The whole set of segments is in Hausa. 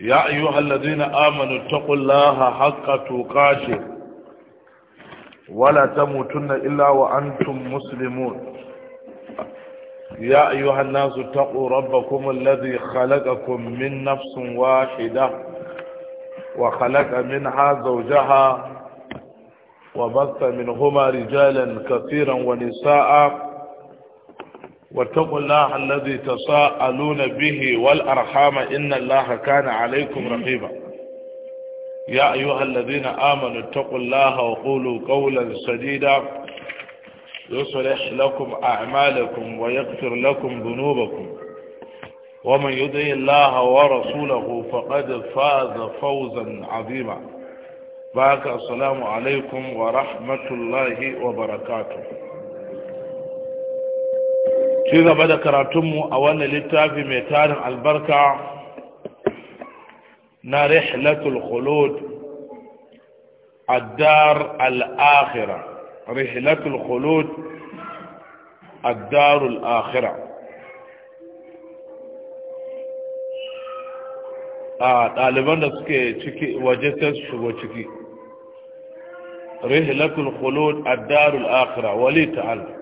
يا أيها الذين آمنوا اتقوا الله حق توقاته ولا تموتن إلا وأنتم مسلمون يا أيها الناس اتقوا ربكم الذي خلقكم من نفس واحدة وخلق منها زوجها وبث منهما رجالا كثيرا ونساء واتقوا الله الذي تساءلون به والأرحام إن الله كان عليكم رقيبا يا أيها الذين آمنوا اتقوا الله وقولوا قولا سديدا يصلح لكم أعمالكم ويغفر لكم ذنوبكم ومن يطع الله ورسوله فقد فاز فوزا عظيما بارك السلام عليكم ورحمة الله وبركاته ci gaba da karatunmu a wannan littafi mai tarin albarka na rihlatul khulud addar al'akhira rihlatul khulud addar al'akhira a ɗaliban da suke ciki waje ta shigo ciki rihlatul khulud addar al'akhira wali ta'ala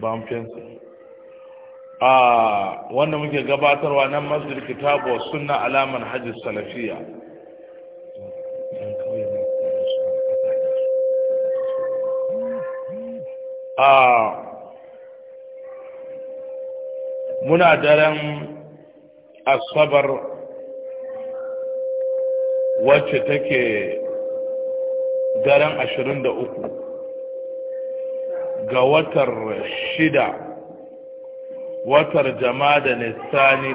bamfensu a wanda muke gabatarwa nan masjid kitabu wa sunna alaman hajji salafiya a muna daren asabar wacce take daren ashirin da uku ga watar shida watar jama'a ne sani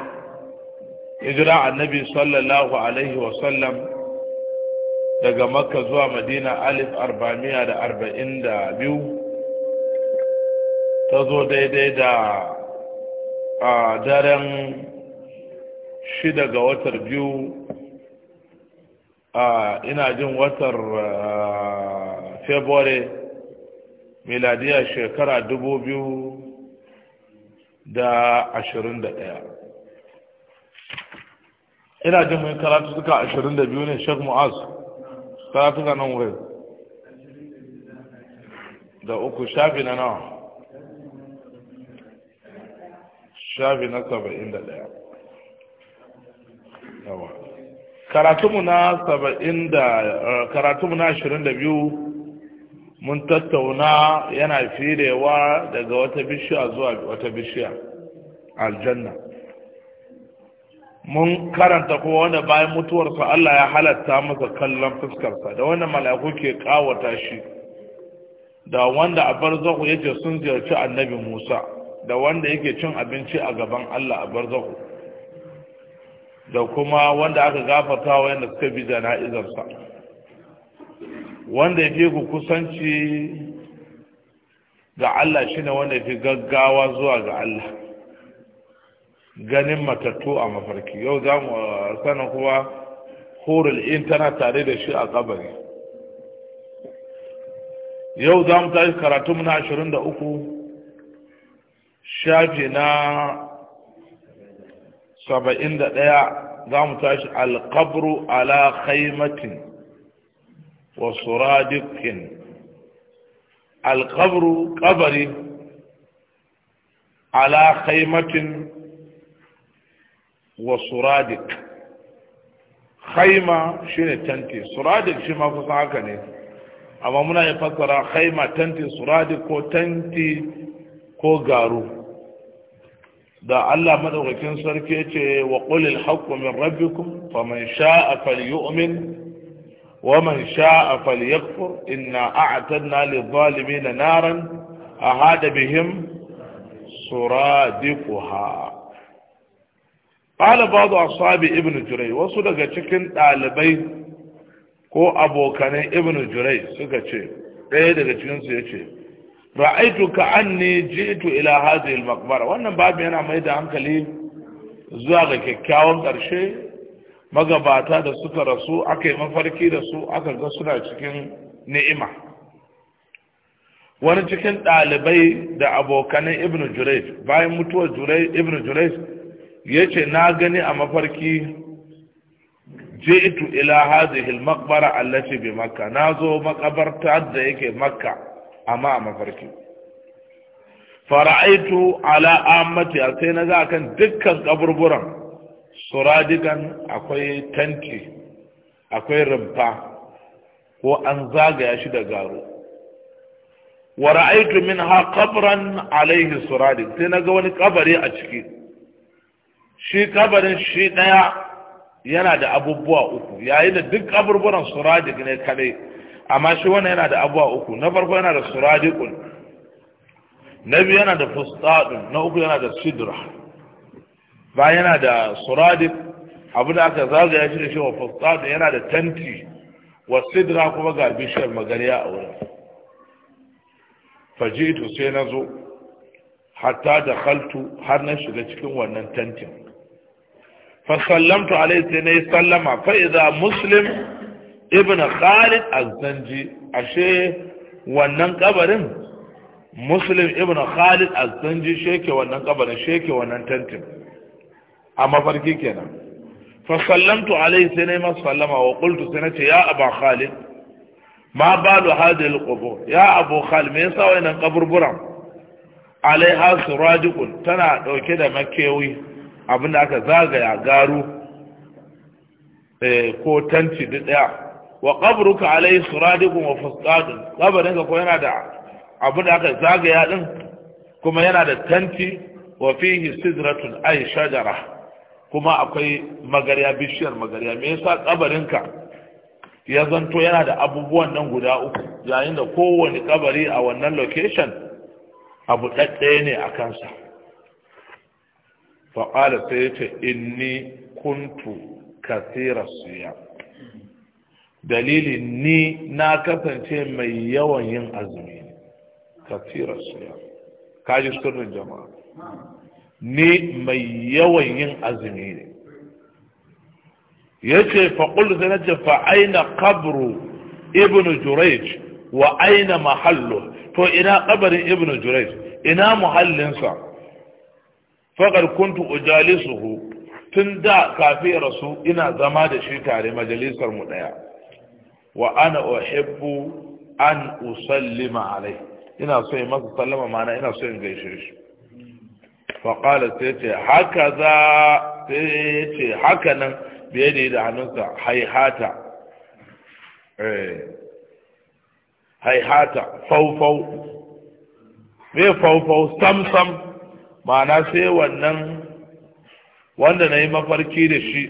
hijira annabi sallallahu alaihi wasallam daga makka zuwa madina alif arba'amiya da arba'in da biyu ta zo daidai da a daren shida ga watar biyu a ina jin watar february miladiya shekara dubu biyu da ashirin da ɗaya ina jin mun karatu suka ashirin da biyu ne shek mu'az karatu ka nan wuri da uku shafi na nawa shafi na saba'in da ɗaya mu na saba'in da eh, mu na ashirin da biyu mun tattauna yana firewa daga wata bishiya zuwa wata bishiya aljanna mun karanta kuma wanda bayan mutuwarsa Allah ya halatta masa kallon fuskarsa da wanda mala'iku ke kawata shi da wanda a barzahu yake sun ziyarci annabi Musa da wanda yake cin abinci a gaban Allah a barzahu da kuma wanda aka gafata wa yanda suka bi jana'izarsa wanda ya fi ku kusanci ga Allah shine wanda ya gaggawa zuwa ga Allah ganin matattu a mafarki yau za mu sanin kuma hurul in tana tare da shi a kabari yau za mu tashi karatu na ashirin da uku shafi na saba'in da ɗaya za mu tashi alkabru ala khaimatin wa suradiqin alqabru qabri ala khaymatin wa suradiq shine tanti suradiq shi ma kusa haka ne amma muna yin fassara khayma tanti suradiq ko tanti ko garu da Allah madaukakin sarki ce wa qulil haqqu min rabbikum faman sha'a falyu'min ومن شاء فليكفر إنا أعتدنا للظالمين نارا أهاد بهم سرادقها قال بعض أصحاب ابن جري وصدق تكن ɗalibai ko abokanai ibn jurai suka ce ɗaya daga cikinsu ya ce ra'aitu ka jitu ila hadhihi al-maqbara wannan babu yana mai da hankali zuwa ga kyakkyawan ƙarshe magabata da suka rasu aka yi mafarki da su aka ga suna cikin ni'ima wani cikin ɗalibai da abokanin ibn jurej bayan mutuwar ibn jurej ya ce na gani a mafarki je ji'tu ila hazihil makbara maqbara allati bi makka zo makabarta da yake makka amma a mafarki fara'aitu ala a sai na ga kan dukkan kaburburan suradigan akwai tanti akwai rumfa ko an zagaya shi da garo wa ra'aytu minha qabran alayhi suradin sai naga wani kabari a ciki shi kabarin shi daya yana da abubuwa uku yayin da duk kaburburan suradik ne kaɗai, amma shi wannan yana da abubuwa uku na farko yana da suradikun na biyu yana da fustadun na uku yana da sidra bayan yana da suradib abu da aka zagaya shi da shi wa fasad yana da tanti wa sidra kuma ga bishiyar magariya a wurin fajitu sai na zo hatta da kaltu har na shiga cikin wannan tantin fasallamtu alai sai na yi sallama fa'iza muslim ibn khalid azanji ashe wannan kabarin muslim ibn khalid azanji sheke wannan kabarin sheke wannan tantin a mafarki kenan fa sallamtu alayhi sai na yi masa sallama wa qultu sai na ce ya aba khalid ma balu hadhihi alqubur ya abu khalid me yasa wayannan kaburburan alaiha sirajul tana dauke da makewi abinda aka zagaya garu eh, ko tanti duk daya wa qabruka alaihi sirajul wa fusqadun ka ko yana da abu da aka zagaya din kuma yana da tanti wa fihi sidratun ay shajara kuma akwai magarya bishiyar magarya me yasa kabarinka ya zanto yana da abubuwan nan guda uku yayin da kowane kabari a wannan location abu ɗaɗɗaya ne a kansa faƙala sai ya ce inni kuntu kasira siya dalili ni na kasance mai yawan yin azumi kasira siya kaji sirrin jama'a ne mai yawan yin azumi ne ya ce faƙul zai na fa Aina kabru ibn jurayj wa aina mahallu to ina kabarin ibn jurayj ina muhallinsa faƙar kuntu ujalisuhu tun da kafin rasu ina zama da shi tare majalisar mu ɗaya wa ana uhibbu an usallima alai ina so in masa sallama mana ina so in gaishe shi faƙala sai ce haka za sai ce haka nan biye da da hannunsa haihata haihata faufau me faufau sam-sam ma'ana sai wannan wanda na yi mafarki da shi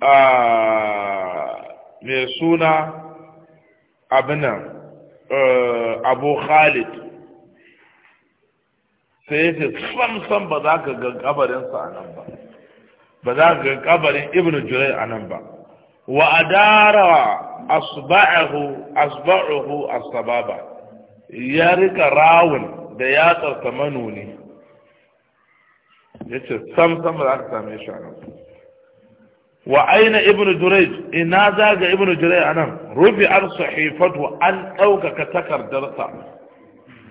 a mai suna abinan abu khalid sai ya ce sam ba za ka ga kabarinsa a nan ba ba za ka ga kabarin ibn jurai a nan ba wa adara asba'ahu asba'ahu asbaba ya rika rawun da ya tsarka manoni ya ce sam sam ba za ka same shi a nan wa aina ibn jurai ina za ga ibn jurai a nan rubi an sahifatu an ɗaukaka takardarsa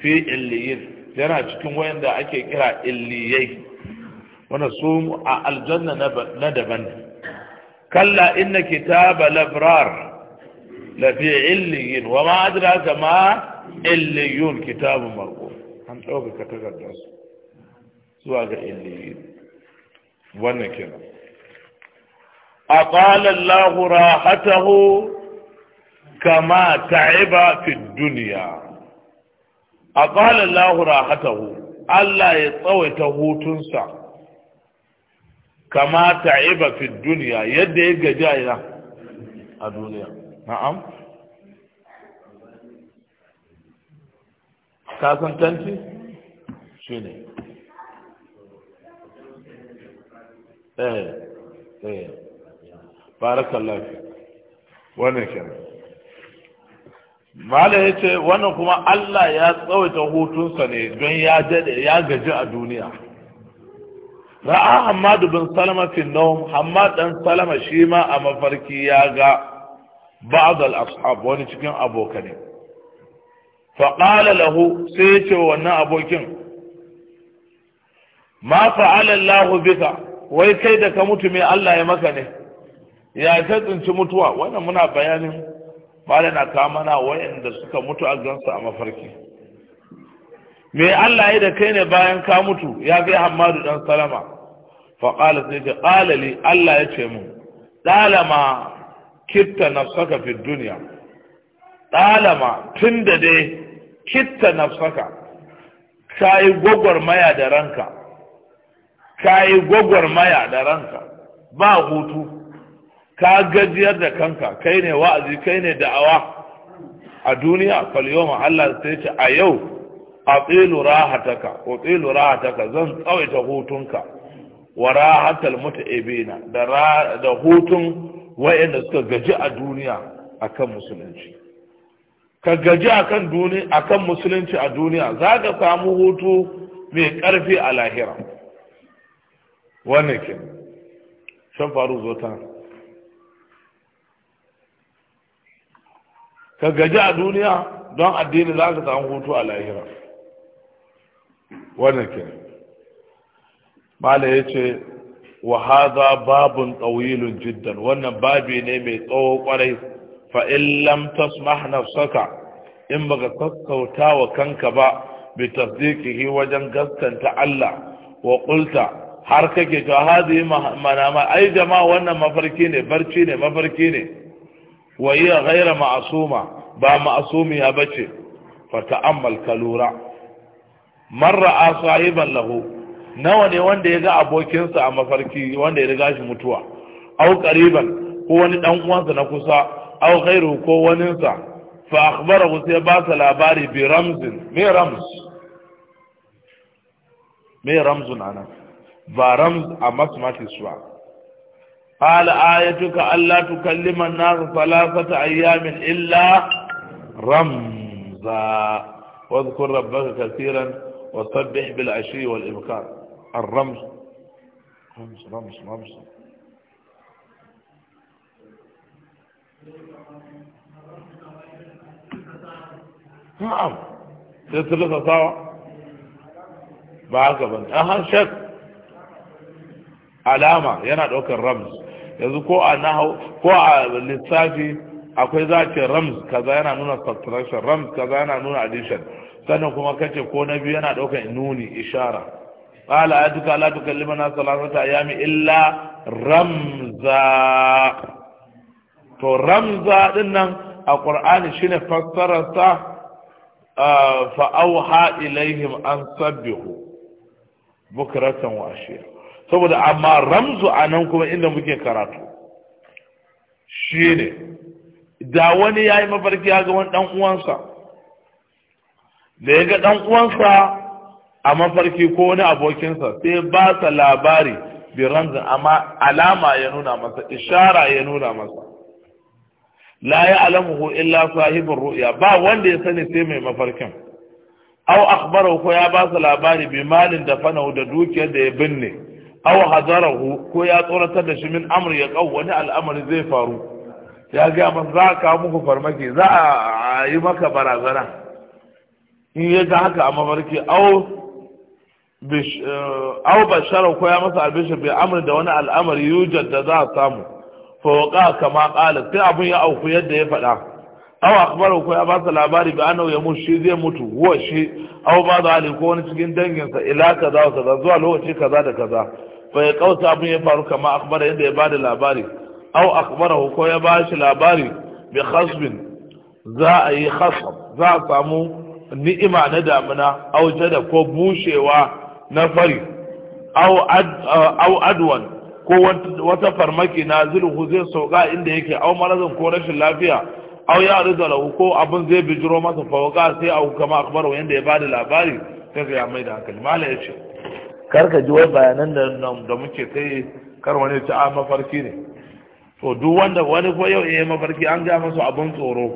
fi illiyin yana cikin wayanda ake kira illiyai wanda su a aljanna na daban kalla inna kitaba labrar la fi illiyin wa ma adraka ma illiyun kitabun marqum an dauka ka takardar su zuwa ga illiyin wannan a aqala allah rahatahu kama ta'iba fi dunya abala lahu rahatahu Allah ya tsawaita hutunsa kama ta'iba fi duniya yadda ya gaji a a duniya na'am ka san tanti shine eh, eh. malam ya ce wannan kuma Allah ya tsawaita hutunsa ne don ya dade ya gaji a duniya ra'a Hamad bin Salama fi Hamad dan Salama shi ma a mafarki ya ga ba'adal al wani cikin abokane fa lahu sai ya ce wannan abokin ma fa'ala Allah bika wai kai da ka mutu me Allah ya maka ne ya ta tsinci mutuwa wannan muna bayanin bada na kawo mana wayanda suka mutu a gansu a mafarki me Allah ya da kai ne bayan ka mutu ya ga Hammadu dan Salama fa qala sai ta qala li Allah ya ce mun dalama kitta nafsaka fi dunya dalama tunda dai kitta nafsaka kai maya da ranka kai maya da ranka ba hutu ka gajiyar da kanka kai ne wa'azi kai ne da'awa a duniya falyoma Allah sai ce a yau a tsilu rahataka o tsilu rahataka zan tsawaita hutunka wa rahatal muta'ibina da da hutun wayanda suka gaji a duniya akan musulunci ka gaji akan duniya akan musulunci a duniya za ka samu hutu mai karfi a lahira wannan ke shan faru zo ta ka gaji a duniya don addini za ka samu hutu a lahira wannan ke mala ya ce wa babun tsawilun jiddan wannan babi ne mai tsawo kwarai fa in tasmah nafsaka in baka sassauta wa kanka ba bi tasdiqihi wajen gaskanta Allah wa ƙulta har kake to hazi manama ai jama'a wannan mafarki ne barci ne mafarki ne wa hiya ghaira ma'suma ba ma'sumiya bace fa ta'ammal kalura marra ra'a sahiban lahu nawa ne wanda ya ga abokinsa a mafarki wanda ya riga shi mutuwa au qariban ko wani dan uwansa na kusa au ghairu ko waninsa fa akhbarahu sai ba sa labari bi ramzin me ramz me ramzun ana ba ramz a mathematics ba قال آيتك ألا تكلم الناس ثلاثة أيام إلا رمزا واذكر ربك كثيرا وسبح بالعشي والإبكار الرمز رمز رمز رمز نعم تتلقى طاوة بعقبا بني شك علامة ينعد أوك الرمز yanzu ko a nahau ko a lissafi akwai za ce rams kaza yana nuna subtraction rams kaza yana nuna addition sannan kuma kace ko na biyu yana daukan nuni ishara qala atuka la tukallima na salasata ayami illa ramza to ramza din nan a qur'ani shine fassarar sa fa auha ilaihim an sabbihu bukratan wa ashira saboda amma ramzu a nan kuma inda muke karatu shi ne da wani ya yi mafarki ya ga wani ɗan uwansa da ya ga ɗan a mafarki ko wani abokinsa sai ba sa labari bi ramzin amma alama ya nuna masa ishara ya nuna masa la ya ko illa sahibin ru'ya ba wanda ya sani sai mai mafarkin au akhbarahu ko ya ba sa labari bi malin da fanahu da dukiyar da ya binne aw hadarahu ko ya tsoratar da shi min amr ya qaw wani al'amari zai faru ya ga man za ka muku farmaki za a yi maka barazana in ya ga haka a mafarki aw eh, aw bashara ko ya masa albishir bi amr da wani al'amari yujad da za a samu fa waqa kama qala sai abun ya auku yadda ya faɗa aw akhbaru ko ya ba su labari bi annahu ya mushi zai mutu huwa shi aw ba da ali ko wani cikin dangin sa ila kaza wa kaza zuwa lokaci kaza da kaza fa ya kauta abin ya faru kamar akhbara yadda ya bada labari aw akhbarahu ko ya ba shi labari bi khasbin za a yi za samu ni'ima na damina aw jada ko bushewa na fari aw adwan ko wata farmaki na zulhu zai sauka inda yake aw marazin ko rashin lafiya aw ya rida lahu ko abin zai bijiro masa fawaka sai au kama wa yanda ya bada labari sai ga ya mai da hankali mala yace karka ji wai bayanan da da muke kai kar wani ta a mafarki ne to duk wanda wani ko yau eh mafarki an ga masa abin tsoro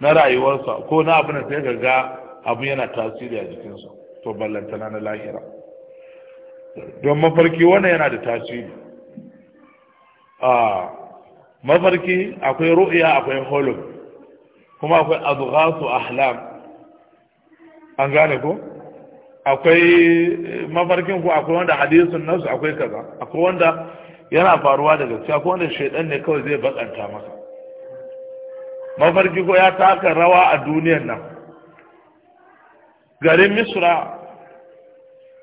na rayuwarsa ko na abin da sai ga ga abin yana tasiri a sa to ballantana na lahira don mafarki wannan yana da tasiri a mafarki akwai ru'iya akwai holo kuma akwai azghasu ahlam an gane ko akwai eh, mafarkin ku akwai wanda hadisin nasu akwai kaza akwai wanda yana faruwa da gaskiya akwai wanda shaidan ne kawai zai bakanta masa mafarki ko ya taka rawa a duniyar nan garin misra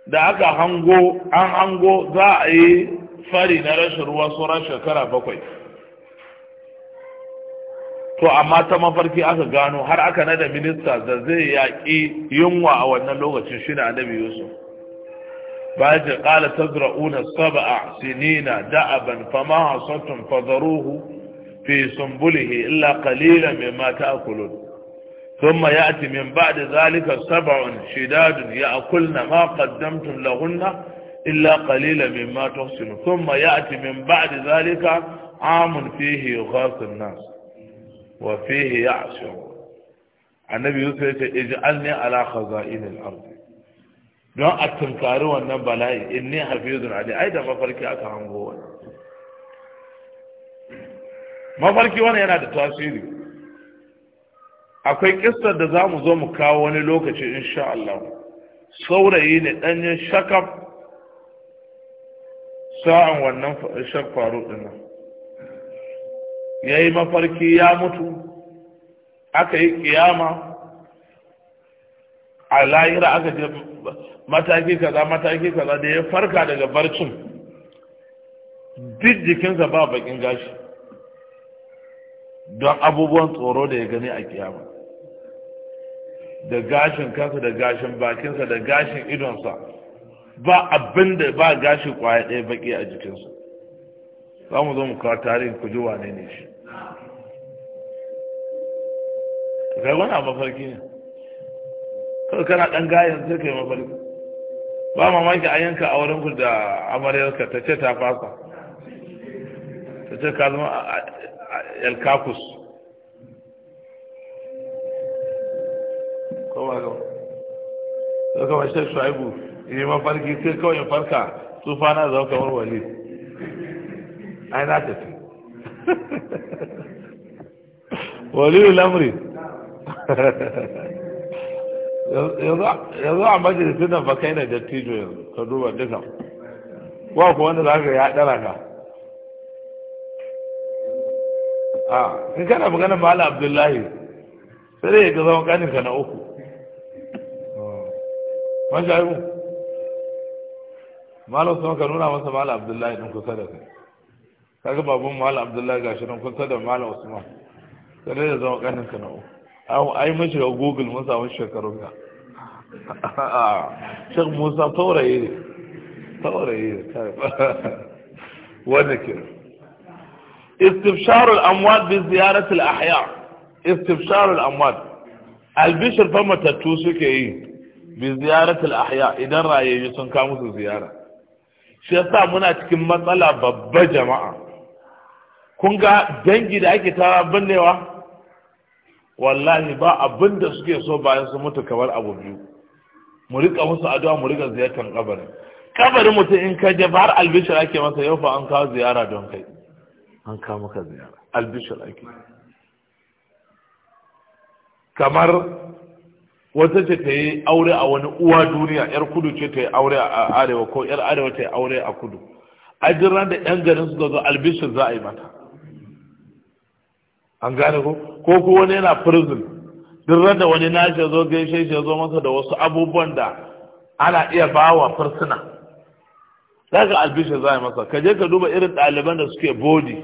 da aka hango an hango za a yi fari na rashin ruwa sauran shekara bakwai to amma ta mafarki aka gano har aka na da minista da zai yaƙi yunwa a wannan lokacin shi da annabi yusuf bayan ta ƙala tazra'una sab'a sinina da'aban fama hasatun fadaruhu fi sumbulihi illa qalilan mimma ta'kulun ثم يأتي من بعد ذلك سبع شداد يأكلن ما قدمتم لهن إلا قليلا مما تحسن ثم يأتي من بعد ذلك عام فيه يغاث الناس wa fihi ya'shur annabi yusuf ya ce ij'alni ala khaza'in al-ard don a tunkari wannan bala'i inni hafizun ali ai da mafarki aka hango wannan mafarki wannan yana da tasiri akwai kissar da za mu zo mu kawo wani lokaci insha Allah saurayi ne danyen shakaf sa'an wannan shakfaru dinnan ya yi mafarki ya mutu aka yi kiyama a lahira aka je mataki kaza mataki kaza da ya farka daga barcin duk jikinsa ba bakin gashi don abubuwan tsoro da ya gani a kiyama da gashin kansa da gashin bakinsa da gashin idonsa ba abin da ba gashi kwaya ɗaya baki a jikinsa za mu zo mu kawo tarihin ku ji wane ne shi kai wannan mafarki ne kawai kana ɗan gayan sai kai mafarki ba mamaki a yanka a wurin ku da amaryarka ta ce ta fasa ta ce ka zama a kowa ga ta kama shi shuaibu yi mafarki sai kawai farka tufa na zama kamar wali ai na tafi wali lamri yanzu a majalisun nan ba kai na dattijo yanzu ka duba duka wa ku wanda za ka ya ɗara ka a in kana magana mala abdullahi sai dai ga zama kanin ka na uku man shayi mu malam sun ka nuna masa malam abdullahi ɗin kusa da kai kaga babban malam abdullahi gashi ɗin kusa da mala usman sai dai ga zama kanin ka na uku ai mun shiga google mun samu shekaru ga ah, shek musa tauraye ne tauraye ne wanda ke istifsharul amwad bi ziyaratul ahya istifsharul amwad albishir fa matattu suke yi bi ziyaratul ahya idan rayayyu sun kawo musu ziyara shi yasa muna cikin matsala babba jama'a kun ga dangi da ake tara binnewa wallahi ba abin da suke so bayan su mutu kamar abu biyu mu rika musu addu'a mu rika ziyartar kabarin kabarin mutum in ka je har albishir ake masa yau fa an kawo ziyara don kai an kawo maka ziyara albishir ake kamar wata ce ta yi aure a wani uwa duniya yar kudu ce ta yi aure a arewa ko yar arewa ta yi aure a kudu a ran da yan garin suka zo albishir za a yi mata an gane ko ko ko wani yana prison duk da wani na shi zo gaishe shi zo masa da wasu abubuwan da ana iya bawa fursuna daga albishe za a masa ka je ka duba irin ɗaliban da suke bodi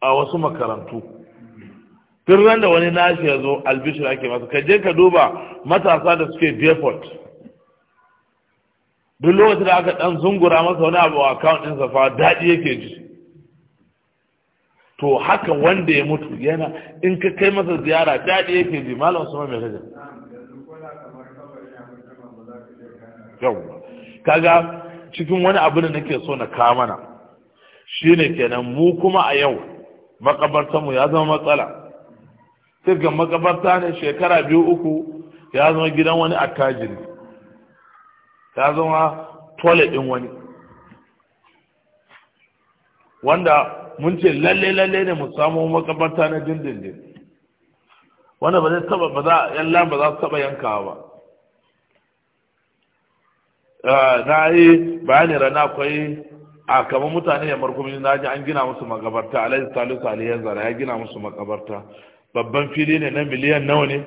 a wasu makarantu duk da wani na shi zo albishe ake masa ka je ka duba matasa da suke deport duk lokacin da aka ɗan zungura masa wani abu a account ɗinsa fa daɗi yake ji to haka wanda ya mutu yana in ka kai masa ziyara daɗi yake ji malam su mai kaje kaga cikin wani abu da nake so na kawo mana shine kenan mu kuma a yau makabartanmu ya zama matsala sirga makabarta ne shekara biyu uku ya zama gidan wani attajiri ya zama toilet din wani wanda mun ce lalle lalle ne mu samu makabarta na dindindin wanda ba zai taba ba za yalla ba za su taba yankawa ba ah, na yi bayani rana akwai a kamar mutane ya markumi na ji an gina musu makabarta alai salisu aliyan zara ya gina musu makabarta babban fili ne na miliyan nawa ne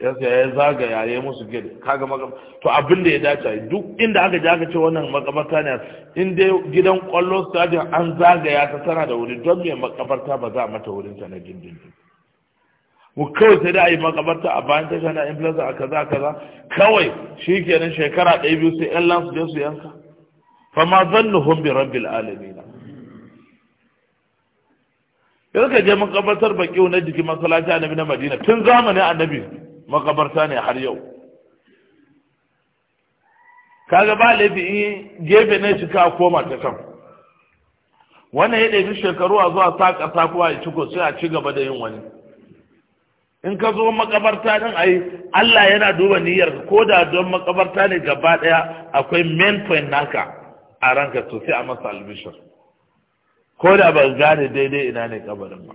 ya ya zagaya ya musu gid kaga makabarta to abin da ya dace duk inda aka ji aka ce wannan makabarta ne in dai gidan kwallo stadium an zagaya ta tana da wuri don me makabarta ba za a mata wurin ta na jindin mu kawai sai da a yi makabarta a bayan tasha na influenza a kaza kaza kawai shi kenan shekara ɗaya biyu sai yan lansu je su yanka fa ma zannuhum bi rabbil alamin yanzu ka je makabartar baki na jiki masallaci annabi na madina tun zamanin annabi makabarta ne har yau kaga ba laifi in gefe na ka koma ta kan wannan ya ɗabi shekaru a zuwa sa ƙasa kuwa ya ciko sai a ci gaba da yin wani in ka zo makabarta din ai Allah yana duba niyyar ko da don makabarta ne gaba ɗaya akwai main point naka a ranka to sai a masa albishir ko da ba gane daidai ina ne kabarin ba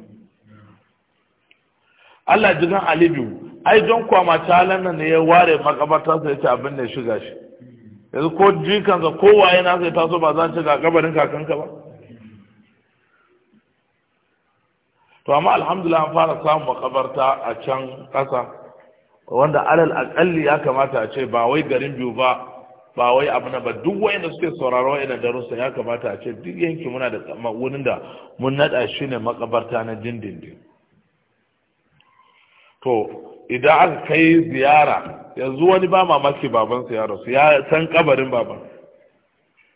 Allah jigan alibiyu ai don kwama talan nan ne ya ware makabarta sai ce abin da ya shiga shi yanzu ko jikansa ko waye na sai taso ba za ci shiga kabarin kakanka ba to amma alhamdulillah an fara samun makabarta a can kasa wanda alal akalli ya kamata a ce ba wai garin biyu ba ba wai abu na ba duk wayanda suke sauraro da darussa ya kamata a ce duk yanki muna da wurin da mun nada shi ne makabarta na dindindin to idan aka kai ziyara yanzu wani ba mamaki babansa ya rasu ya san kabarin baban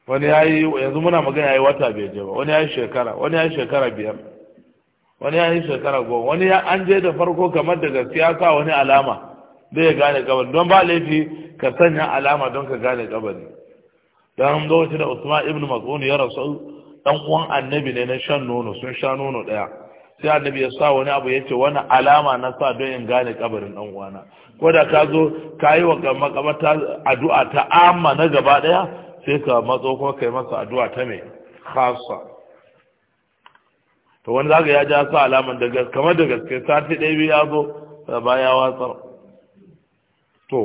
wani ya yi yanzu muna magana ya yi wata bai je ba wani ya yi shekara wani ya yi shekara biyar wani ya yi shekara goma wani ya an je da farko kamar daga siyasa wani alama zai ya gane kabari don ba laifi ka sanya alama don ka gane kabari don lokacin da usman ibn mas'ud ya rasu dan uwan annabi ne na shan nono sun sha nono daya sai annabi ya sa wani abu yace wani alama na sa don in gane kabarin dan uwana ko da ka zo ka yi wa makamata addu'a ta amma na gaba daya sai ka matso kuma kai masa addu'a ta mai kasa to wani zaka ya ja sa alaman daga kamar da gaske sati ɗaya biyu ya zo ba ya watsar to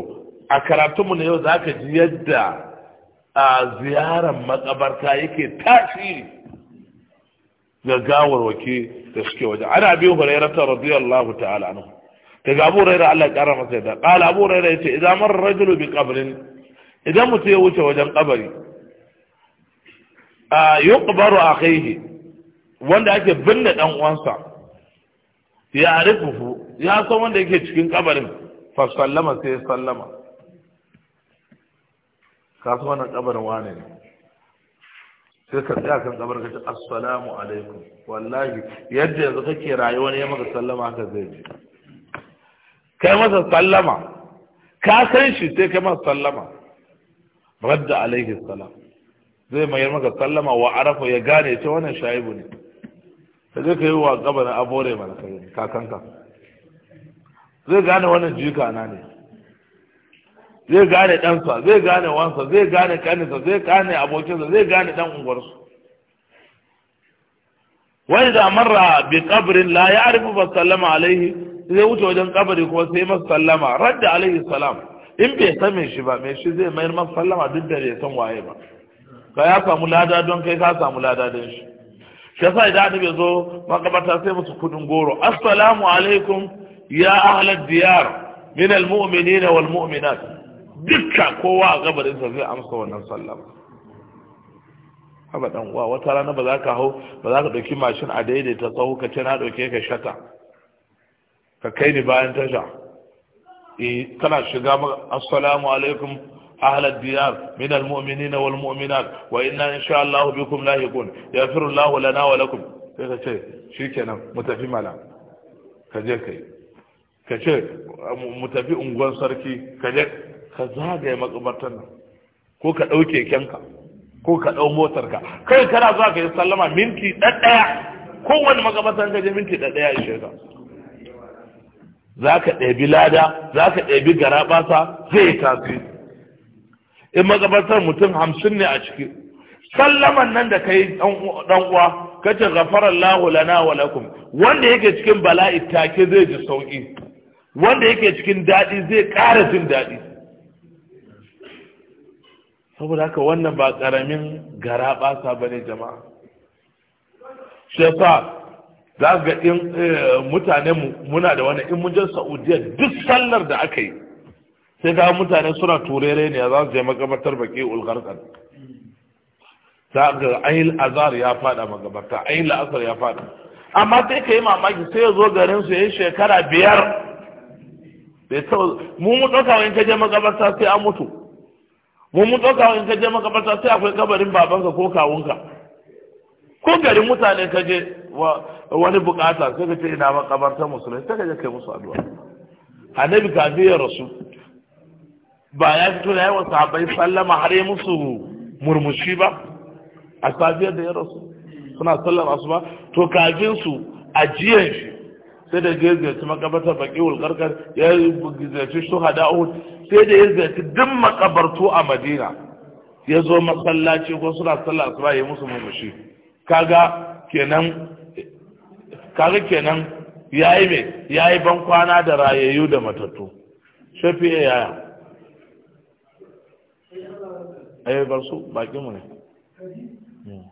a mu na yau zaka ji yadda a ziyarar makabarta yake tasiri ga gawarwaki da suke waje ana abi ta radiyallahu ta'ala anhu daga abu hurairah Allah ya kara masa yadda qala abu hurairah yace idan mar rajulu bi qabrin idan mutum ya wuce wajen kabari a yuqbaru akhihi wanda ake binne dan uwansa ya arifuhu ya san wanda yake cikin kabarin fa sallama sai sallama kasu wannan kabarin wane ne sai ka tsaya kan kabar ka assalamu alaikum wallahi yadda yanzu kake rayuwa ne ya maka sallama haka zai ji kai masa sallama ka san shi sai kai masa sallama radda alaihi salam zai mayar maka sallama wa arafa ya gane ce wannan shaibu ne ka je ka yi wa gabar abore mana kakanka zai gane wannan jika na ne zai gane ɗansa zai gane wansa zai gane kaninsa zai gane abokinsa zai gane ɗan unguwarsu wani da marra bi kabirin la ya arifu ba sallama alaihi zai wuce wajen kabari kuma sai masa sallama radda alaihi salam in bai san me shi ba me shi zai mayar masa sallama duk da bai san waye ba ka ya samu lada don kai ka samu lada don shi shi yasa idan annabi zo makabarta sai musu kudin goro assalamu alaikum ya ahlad diyar min almu'minina wal mu'minat dukka kowa a gabarinsa zai amsa wannan sallama haba dan uwa wata rana ba za ka hau ba za ka ɗauki mashin a daidaita tsawo ka ce na ɗauke ka shata ka kai ni bayan tasha E, kana shiga assalamu alaikum أهل الديار من المؤمنين والمؤمنات وإنا إن شاء الله بكم لاهقون يغفر الله لنا ولكم kace shikenan mu tafi malam kaje kai ce mu tafi unguwan sarki ka zagaye makubartar nan ko ka ɗau kekenka ko ka ɗau motar ka. kai kana zuwa ka yi sallama minti ɗaɗɗaya kowane makabartar ka je minti ɗaɗɗaya ishe ka za ka ɗabi lada za ka ɗabi ɓasa, zai yi tasiri in makabartar mutum hamsin ne a ciki sallaman nan da ka yi ɗan uwa ka ce gafarar lahu lana wa lakum wanda yake cikin bala'i take zai ji sauƙi wanda yake cikin daɗi zai ƙara jin daɗi saboda haka wannan ba karamin gara basa ba ne jama'a shefa za ga in eh, mutane muna da wani in mun je saudiya duk sallar da aka yi sai ga mutane suna turere ne za su je makabartar baki ulgarkan za ga ayil azar ya fada makabarta ayil azar ya fada amma sai ka yi mamaki sai ya zo garin su yi shekara biyar mu mu ɗauka wani ta je makabarta sai an mutu mu mun ɗauka in ka je makabarta sai akwai kabarin babanka ko kawunka ko garin mutane ka je wani bukata sai ka ce ina makabartar musulmai sai ka je kai musu addu'a annabi kafin ya rasu ba ya fito da yawan sahabbai sallama har ya musu murmushi ba a safiyar da ya rasu suna sallama su ba to kafin su ajiyar shi sai da ya ziyarci makabartar baki wulkarkar ya su hada uhud sai da ya duk makabartu a madina ya zo masallaci ko suna sallah su ya musu murmushi kaga kenan kaga kenan mai ya yi ban kwana da rayayyu da matattu shafi yaya ai bar su bakin mu ne hmm.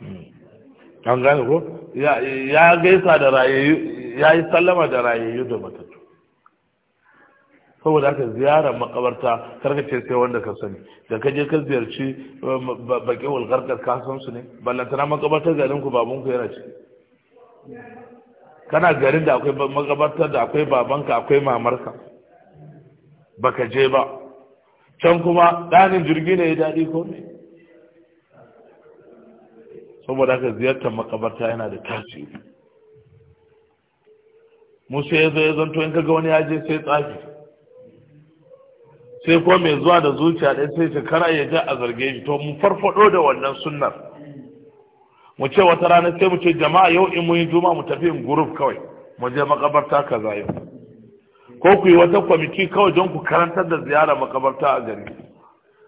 Hmm. an gane ko ya gaisa da rayayyu ya yi sallama da rayayyu da matattu saboda haka ziyarar makabarta karkace sai wanda ka sani da ka je ka ziyarci eh, baƙi walgarkar ka san su ne ballantana makabartar garin ku baban ku yana ciki kana garin da akwai makabartar da akwai babanka akwai mamarka baka je ba can kuma ɗanin jirgi ne ya daɗi ko ne saboda haka ziyartar makabarta yana da tasiri musa ya zo ya zanto in kaga wani ya je sai tsafi sai ko mai zuwa da zuciya ɗaya sai ta kara ya ja a zarge shi to mu farfado da wannan sunnar mu ce wata rana sai mu ce jama'a yau in mun yi juma mu tafi in guruf kawai mu je makabarta kaza yau ko ku yi wata kwamiti kawai don ku karantar da ziyara makabarta a gari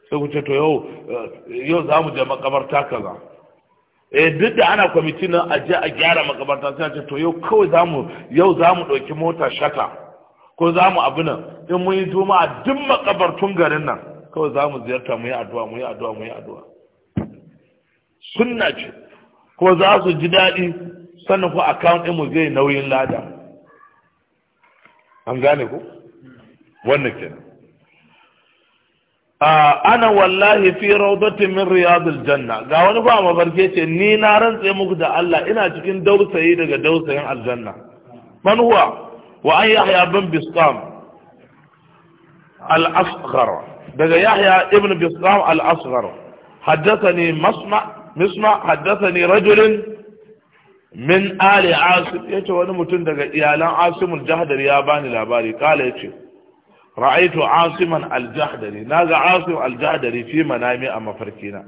sai ku ce to yau eh, yau za mu je makabarta kaza eh duk da ana kwamiti nan a a gyara makabarta sai ce to yau kawai zamu yau zamu ɗauki mota shata ko zamu abu nan in mun yi a duk makabartun garin nan kawai zamu ziyarta mu yi addu'a mu yi addu'a mu yi addu'a sunna ce ko za su ji daɗi sannan ko account ɗin mu zai nauyin lada an gane ko wannan kenan Ah, ana wallahi fi rawdatin min janna ga wani ba mafarke ce ni na rantse muku da Allah ina cikin dausayi daga dausayin aljanna man huwa wa an yahya bin bistam al-asghar daga yahya ibn bistam al-asghar haddathani masma misma haddathani rajulin min ali asim yace wani mutum daga iyalan asimul jahdar ya bani labari kala yace ra'aitu asiman aljahdari na ga asim aljahdari fi manami a mafarkina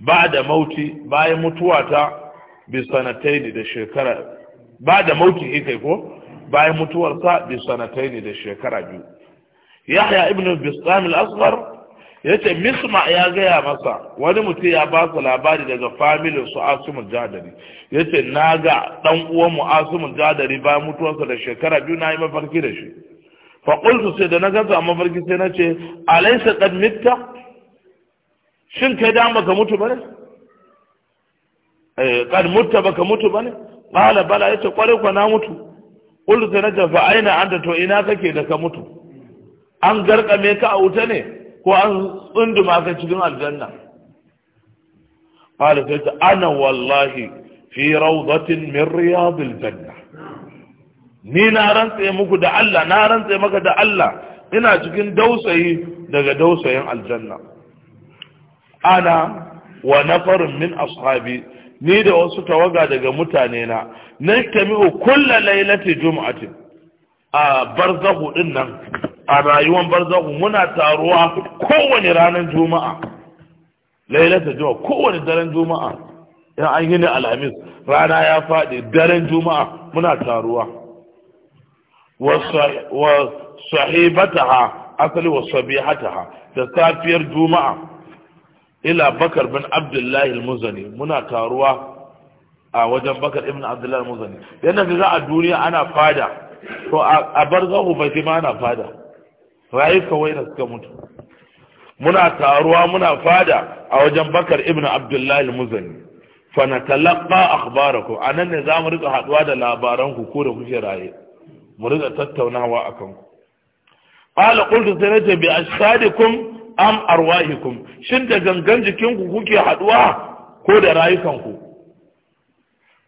ba da mauti bayan mutuwa ta bi sanataini da shekara ba da mauti kai ko bayan mutuwarsa bi sanataini da shekara biyu yahya ibn bisam al-asghar yace misma ya gaya masa wani mutum ya ba su labari daga familin su asimul jadari yace na ga dan uwan mu asimul bayan mutuwarsa da shekara biyu na yi mafarki da shi fa sai da na gaza mafarki sai na ce alaysa qad mitta shin kai da baka mutu ba ne? Eh, qad mutta baka mutu bane qala bala yace kware ko na mutu qultu sai na ce fa aina anta to ina kake da ka mutu an garkame ka a wuta ne ko an tsunduma ka cikin aljanna qala sai ta ana wallahi fi rawdatin min riyadil janna ni na rantse muku da Allah na rantse maka da Allah ina cikin dausayi daga dausayin aljanna ana wa nafarin min ashabi ni da wasu tawaga daga mutane na na tamihu kulla lailati jumu'ati a barzahu din nan a rayuwar barzahu muna taruwa kowane ranar juma'a lailata juma'a kowane daren juma'a in an yi ne alhamis rana ya faɗi daren juma'a muna taruwa wa sahibataha asali wa sabihataha da safiyar juma'a ila bakar bin abdullahi muzani muna taruwa a wajen bakar ibn abdullahi al-muzani yadda ka a duniya ana fada to a bar zahu bai ma ana fada rayu kawai suka mutu muna taruwa muna fada a wajen bakar ibn abdullahi al-muzani fa na anan ne zamu rika haduwa da labaranku koda kuke raye mu riga tattaunawa a akan ku qala qultu sai nace bi ashadikum am arwahikum shin da gangan jikinku kuke haduwa ko da rayukanku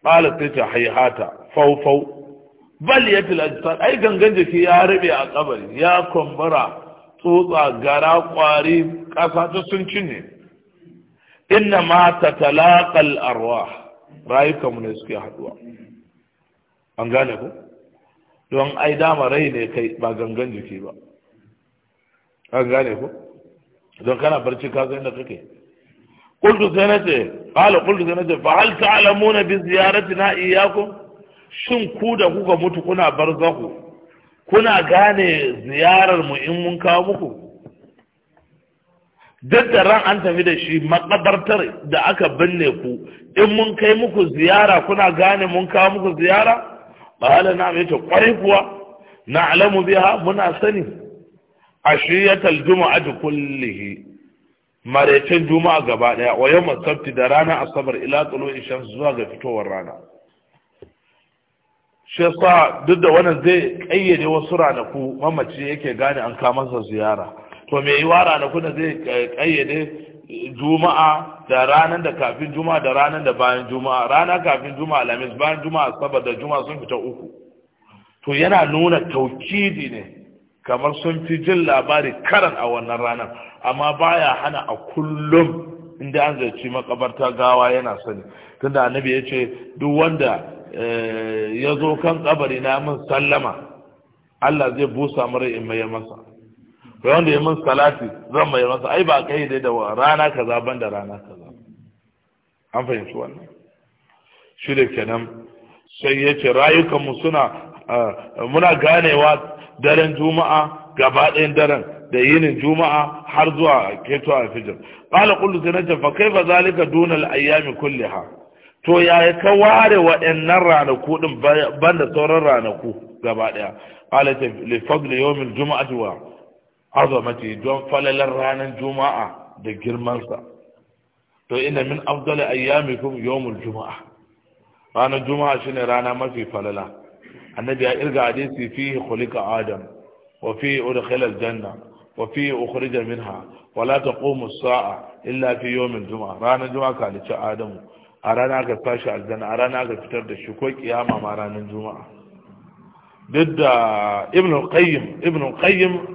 qala sai ta hayhata faufau bal yatil ajsad ai gangan jiki ya rabe a kabari ya kumbura tsotsa gara kwari kasa ta sun cinye inna ma tatalaqal arwah rayukanmu ne suke haduwa an gane ku don ai dama rai ne kai ba gangan jiki ba an gane ku don kana barci ka san da kake qultu sai ce qala qultu sai ce fa hal ta'lamuna bi ziyaratina iyyakum shin ku da kuka mutu kuna zaku kuna gane ziyarar mu in mun kawo muku duk da ran an tafi da shi makabartar da aka binne ku in mun kai muku ziyara kuna gane mun kawo muku ziyara qala na'am ta, kwarai kuwa alamu biha muna sani ashiyatal jumu'ati kullihi maraicen juma'a gaba ɗaya wa yawm sabti da rana asabar ila tulu'i shams zuwa ga fitowar rana shi duk da wannan zai kayyade wasu ranaku mamaci yake gane an kama sa ziyara to me wa ranaku na zai kayyade juma'a da ranar da kafin juma'a da ranar da bayan juma'a rana kafin juma'a lamis bayan juma'a sabar da juma'a sun fita uku to yana nuna taukidi ne kamar sun fi jin labari karan a wannan ranar amma baya hana a kullum inda an zarci makabarta gawa yana sani tunda annabi ya ce duk wanda eh, ya zo kan kabari na min sallama Allah zai busa mara in mai masa to wanda ya min salati zan mai masa ai ba kai dai da rana kaza ban da rana kaza an fahimci wannan shi da kenan sai ya ce rayukanmu suna muna ganewa daren juma'a gaba ɗayan daren da yinin juma'a har zuwa keto a fijir ƙala kullu sai ce fa ba zalika dunal ayyami kulliha to yaya ka ware waɗannan ranaku ɗin banda sauran ranaku gaba ɗaya ƙala ta li fadli juma'a. عظمته دون فلل الران الجمعة دقير مرسا تو إن من أفضل أيامكم يوم الجمعة رانا الجمعة شنة رانا ما في فللا النبي إرقى عديسي فيه خلق آدم وفيه أدخل الجنة وفيه أخرج منها ولا تقوم الساعة إلا في يوم الجمعة رانا الجمعة كان شاء آدم أرانا كفاش الجنة أرانا كفتر الشكوك كياما ما رانا الجمعة ضد ابن القيم ابن القيم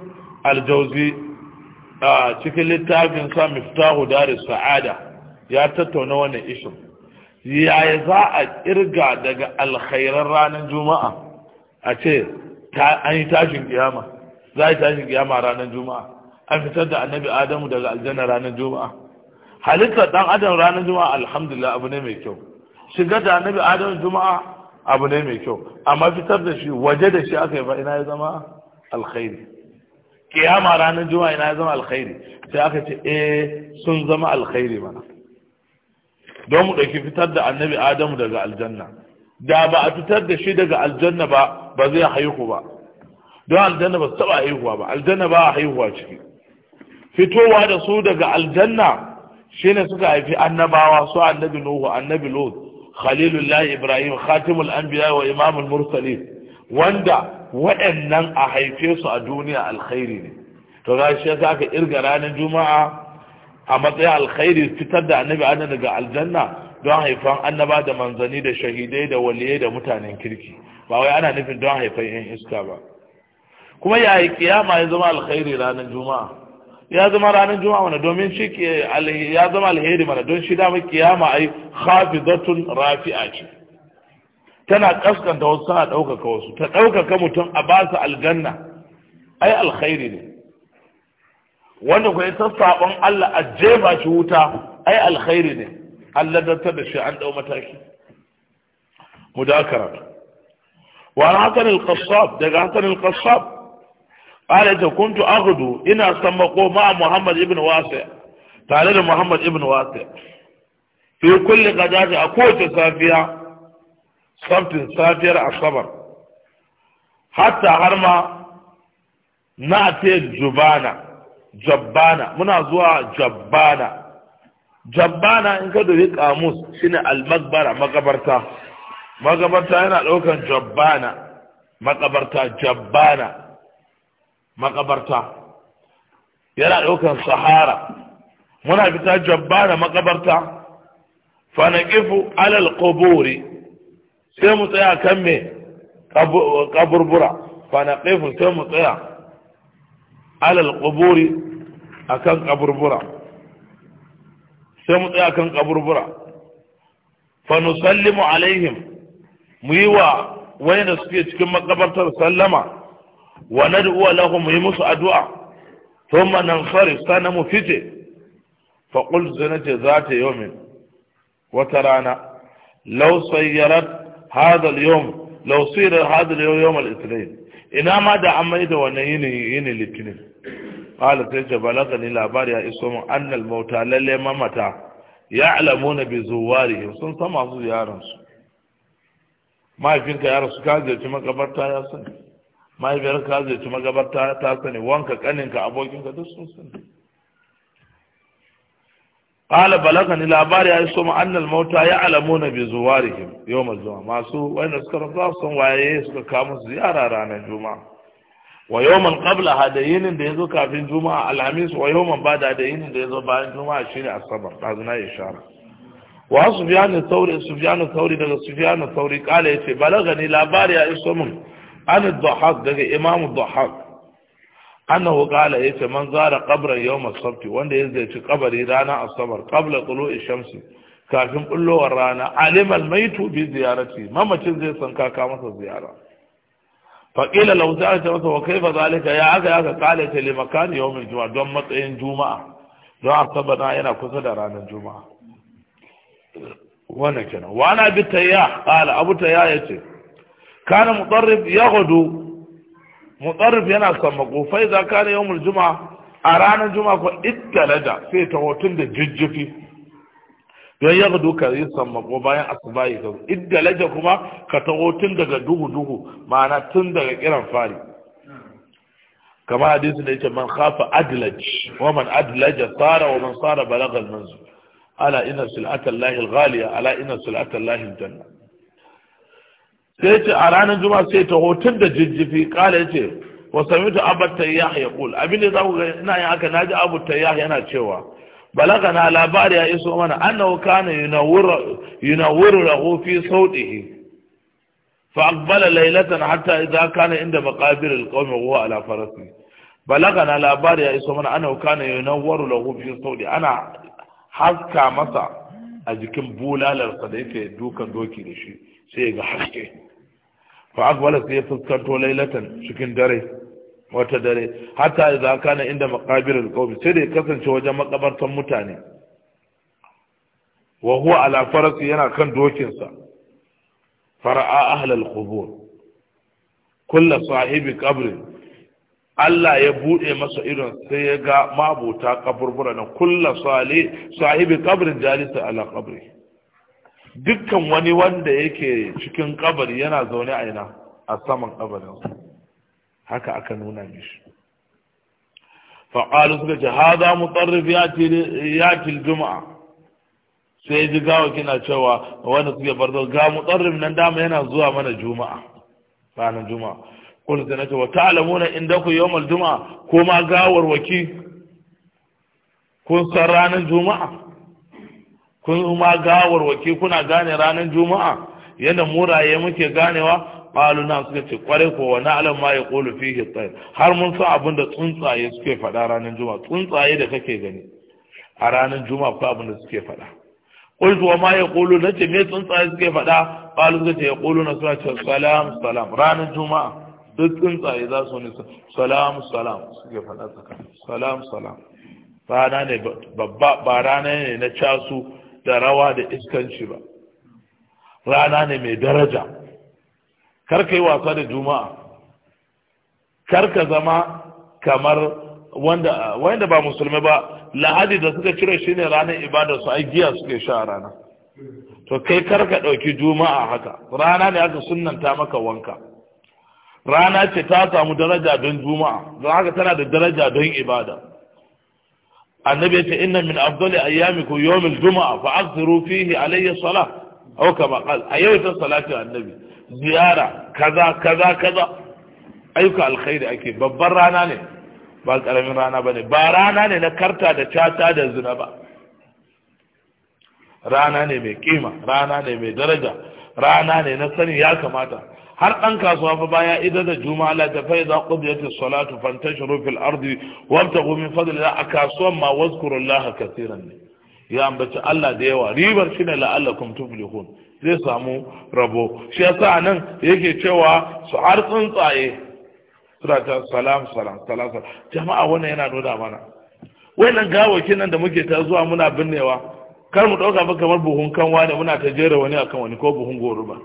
aljauzi a cikin littafin sa miftahu dari sa'ada ya tattauna wannan ishin yaya za a kirga daga alkhairar ranar juma'a a ce an yi tashin kiyama za a yi tashin kiyama ranar juma'a an fitar da annabi adamu daga aljanna ranar juma'a halittar dan adam ranar juma'a alhamdulillah abu ne mai kyau shigar da annabi adamu juma'a abu ne mai kyau amma fitar da shi waje da shi aka yi ba ina ya zama alkhairi kiyama ranar juma'a ina zama alkhairi sai aka ce eh sun zama alkhairi mana don mu ɗauki fitar da annabi adamu daga aljanna da ba a fitar da shi daga aljanna ba ba zai haihu ba don aljanna ba su taɓa haihuwa ba aljanna ba haihuwa ciki fitowa da su daga aljanna shine suka haifi annabawa su annabi nuhu annabi lut khalilullahi ibrahim khatimul anbiya wa imamul mursalin wanda waɗannan a haife su a duniya alkhairi ne to ga shi yasa aka irga ranar juma'a a matsayin alkhairi fitar da annabi ana daga aljanna don haifan annaba da manzani da shahidai da waliyai da mutanen kirki ba wai ana nufin don haifan yan iska ba kuma yi kiyama ya zama alkhairi ranar juma'a ya zama ranar juma'a mana domin shi ya zama alheri mana don shi dama kiyama ai khafizatun rafi'a ce tana kaskanta wasu tana ɗaukaka wasu ta ɗaukaka mutum a ba su alganna ai alkhairi ne wanda ku yi sassaɓon Allah a jefa shi wuta ai alkhairi ne halladantar da shi an ɗau mataki mu da karatu wa hakan al daga hakan al-qassab ta kuntu aghdu ina sammako ma Muhammad ibn Wasi tare da Muhammad ibn Wasi fi kulli qadati a kowace safiya صبت صافير الصبر حتى هرما ناتي جبانا جبانا منا زوا جبانا جبانا ان كدو هيك اموس شنو المقبرة مقبرتا مقبرتا هنا لوكان جبانا مقبرتا جبانا مقبرتا يلا لوكان صحارى منا بتا جبانا مقبرتا فنقف على القبور sai mu tsaya kan me kaburbura fa na sai mu tsaya alal quburi akan kaburbura sai mu tsaya kan kaburbura fa nusallimu alaihim mu yi wa wani suke cikin makabartar sallama wa nad'u lahum mu yi musu addu'a thumma nansari sana mu fice fa qul zanati zata yawmin wata rana law sayyarat هذا اليوم لو صير هذا اليوم يوم الاثنين إنا ما دا عمي دا وانا يني يني الاثنين قال تيجا بلغني لابار يا إسوم أن الموتى للي ممتى يعلمون بزوارهم سن سمع زيارهم ما يفينك يا رسول كازي كما قبرتا يا سن ما يفينك كازي كما قبرتا يا سن وانك كأنك أبوكينك دسون سن qala balagani labari ya iso ma annal mauta ya alamuna bi zuwarihim yawmal juma masu wanda suka rafa sun waye suka kawo ziyara ranar juma'a wa yawman qabla hadayinin da yazo kafin juma'a alhamis wa yawman ba'da hadayinin da yazo bayan juma'a shine asabar azna ishara wa sufyan thawri sufyan thawri daga sufyan thawri qala yace balagani labari ya iso mun an ad daga imam ad-dhahhak annahu qala yace man zara qabran yawm as-sabt wanda ya ziyarci kabari ranar asabar qabla tulu'i shamsi kafin bullowar rana alimal maitubi bi ziyarati mamacin zai san kaka masa ziyara fa qila law za'ata masa wa kayfa zalika ya aka aka qala ta li makan yawm al-jum'a don matsayin juma'a don asabar na yana kusa da ranar juma'a wannan kenan wa ana bi tayya qala abu tayya yace kana mudarrib yaghdu mutarrif yana sammako fa idza kana yawmul juma'a a ranar juma'a ko ittalaja sai ta hotun da jijjifi. don ya duka ka yi sammako bayan asuba ya kawo ittalaja kuma ka ta hotun daga duhu duhu ma'ana tun daga kiran fari kama hadisi da ce man khafa adlaj wa man adlaja tsara wa man tsara balagal manzu ala ina sul'atan lahil ala ina sul'atan lahil janna sai ce a ranar juma'a sai ta hotun da jijjifi kala ya ce wa sami ta abar tayyah ya kul abinda za ku ga ina yin haka na ji abu tayyah yana cewa balaga na labari ya iso mana annahu kana yunawwiru lahu fi sawtihi fa aqbala laylatan hatta idza kana inda maqabir alqawmi huwa ala farasi balaga na labari ya iso mana annahu kana yunawwiru lahu fi sawtihi ana haska masa a jikin bulalarsa da yake dukan doki da shi sai ga haske fa aqbala sai ya fuskanto lailatan cikin dare wata dare hatta idza kana inda maqabirul qawmi sai da ya kasance wajen makabartan mutane wa huwa ala farasi yana kan dokinsa fara'a ahlal qubur kullu sahibi qabrin Allah ya buɗe masa idon sai ya ga mabuta kaburbura na kulla sahibi kabrin jalisa ala kabri dukkan wani wanda yake cikin kabari yana zaune a ina a saman su. haka aka nuna mishi faƙalu suka ce mu mutarrif yakil juma'a sai ji gawa kina cewa wanda suke barzo ga mutarrif nan dama yana zuwa mana juma'a ranar juma'a kullu sai nace wa ta'lamuna ku yawmal juma'a ko ma gawar waki kun san ranar juma'a kun ma gawarwaki kuna gane ranar juma'a yadda muraye muke ganewa qalu na suka ce kware ko wani alam ma ya yaqulu fihi at har mun san abin da tsuntsaye suke faɗa ranar juma'a tsuntsaye da kake gani a ranar juma'a ko abin da suke faɗa qultu wa ma na nace me tsuntsaye suke faɗa qalu suka ce na suna ce salam salam ranar juma'a duk tsuntsaye za su ne salam salam suke faɗa tsakanin salam salam rana ne babba ba rana ne na casu da rawa da iskanci ba rana ne mai daraja kar ka yi wasa da juma'a kar ka zama kamar wanda wanda ba musulmi ba lahadi da suka cire shi ne ranar ibada su ai giya suke sha rana to kai kar ka ɗauki juma'a haka rana ne aka sunanta maka wanka rana ce ta samu daraja don juma'a don haka tana da daraja don ibada annabi ya ce inna min afdali ayyamikum yawmul juma'a fa akthiru fihi alayya salah aw kama qala ta salatu annabi ziyara kaza kaza kaza ayyuka alkhairi ake babbar rana ne ba karamin rana ba ne. ba rana ne na karta da tata da zina ba rana ne mai kima rana ne mai daraja rana ne na sani ya kamata har dan kasuwa fa baya idan da juma'a la ta faiza qudiyat as-salatu fantashru fil ardi wabtaghu min fadli a kasuwan ma wazkurullaha kaseeran ne ya ambaci Allah da yawa ribar shi ne la'allakum tuflihun zai samu rabo shi yasa nan yake cewa su har tsuntsaye suna ta salam salam salam jama'a wannan yana nuna mana wannan gawakin nan da muke ta zuwa muna binnewa kar mu dauka ba kamar buhun kanwa da muna ta jera wani akan wani ko buhun goruba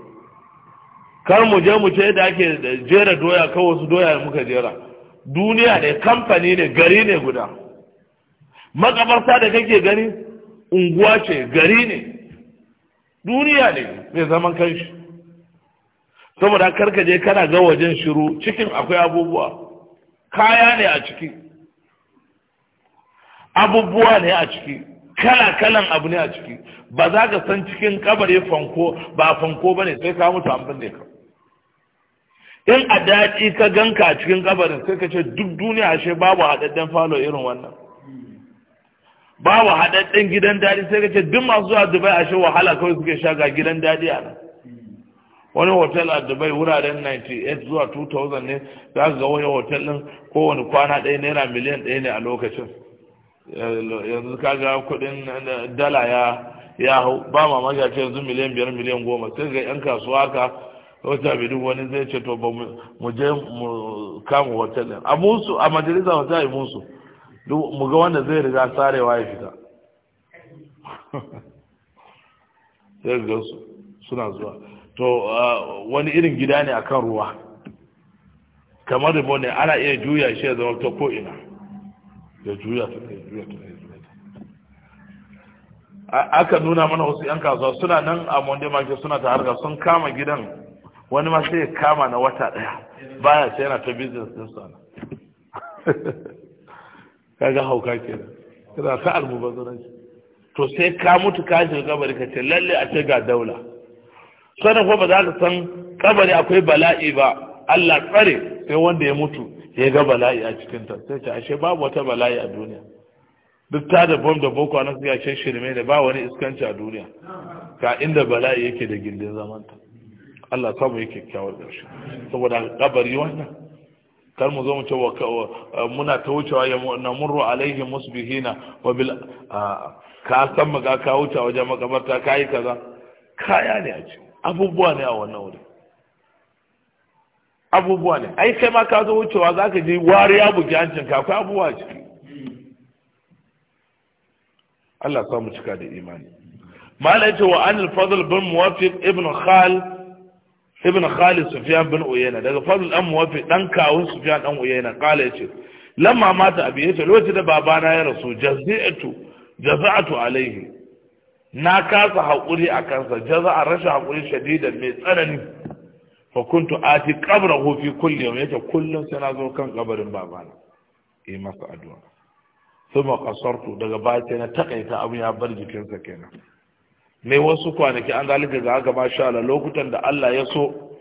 kar mu je mu ce da ake jera doya kawai wasu doya muka jera duniya ne kamfani ne gari ne guda makabarta da kake gani unguwa ce gari ne duniya ne mai zaman kanshi saboda karka je kana ga wajen shiru cikin akwai abubuwa kaya ne a ciki abubuwa ne a ciki kala-kalan abu ne a ciki ba za ka san cikin kabare fanko ba fanko ba ne sai ka mutu an binne ka in a daɗi ka ganka a cikin kabarin sai ka ce duk duniya ashe babu haɗaɗɗen falo irin wannan babu haɗaɗɗen gidan daɗi sai ka ce duk masu zuwa dubai ashe wahala kawai suke sha ga gidan daɗi a nan wani hotel a dubai wuraren 98 zuwa 2000 ne za ga wani hotel ɗin kowane kwana ɗaya naira miliyan ɗaya ne a lokacin yanzu ka ga kuɗin eh, dala ya ya hau ba mamaki a ce yanzu miliyan biyar miliyan goma sai ga 'yan kasuwa ka wata biyu wani zai ce to ba mu je mu kama hotel din a musu a majalisa wata yi musu mu ga wanda zai riga sarewa ya fita sai ga suna zuwa to wani irin gida ne akan ruwa kamar da ne ana iya juya shi ya zama ta ko'ina ya juya ta juya ta ya juya ta aka nuna mana wasu 'yan kasuwa suna nan a monday market suna ta harka sun kama gidan wani ma sai ya kama na wata daya baya sai yana ta business din sa kaga hauka da. kana ta almubazzaranci to sai ka mutu ka shiga kabari ka ce lalle a ce ga daula sanin ko ba za ka san kabari akwai bala'i ba Allah tsare sai wanda ya mutu ya ga bala'i a cikin ta sai ta ashe babu wata bala'i a duniya duk ta da bom da boko a suka ce shirme da ba wani iskanci a duniya ka inda bala'i yake da gindin zamanta Allah ta mu yi kyakkyawar ƙarshe saboda kabari wannan kar mu zo mu ce wa muna ta wucewa ya na murru alaihi musbihina wa bil ka san ga ka wuce wajen makabarta ka yi kaza kaya ne a ce abubuwa ne a wannan wuri abubuwa ne ai kai ma ka zo wucewa za ka ji wariya abu hancin ka akwai abubuwa ciki Allah sa mu cika da imani malai wa anil fadl bin muwafiq ibn khal ibn khalid sufyan bin uyayna daga fadl an muwafi dan kawun sufyan dan uyayna kala yace lamma mata abi yace lokacin da babana ya rasu jazatu jaza'atu alaihi na kasa haƙuri a kansa jaza'a rashin haƙuri shadidan mai tsanani fa kuntu ati qabrahu fi kulli yawm yace kullum sai na zo kan kabarin babana yi masa addu'a thumma qasartu daga baya na takaita abin ya bar jikinsa kenan mai wasu kwanaki an zalika ga gaba sha Allah lokutan da Allah ya so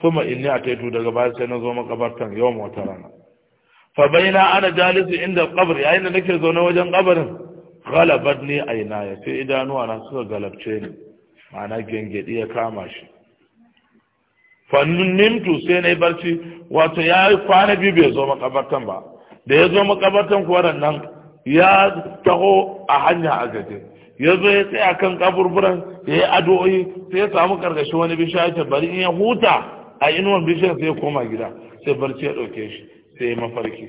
kuma inni a taitu daga baya sai na zo makabartan yawan wata rana fa baina ana jalisu inda qabr yayin da nake zaune wajen kabarin ghalabat aina ya sai idanuwa na suka galabce ni ma'ana gengedi ya kama shi fa nimtu sai na barci wato ya kwana biyu bai zo makabartan ba da ya zo makabartan kuwa nan ya taho a hanya a gaje ya ya tsaya kan kaburburan ya yi addu'o'i sai ya samu karkashin wani bishiya ta bari in ya huta a inuwan bishiyar sai ya koma gida sai barci ya ɗauke shi sai ya mafarki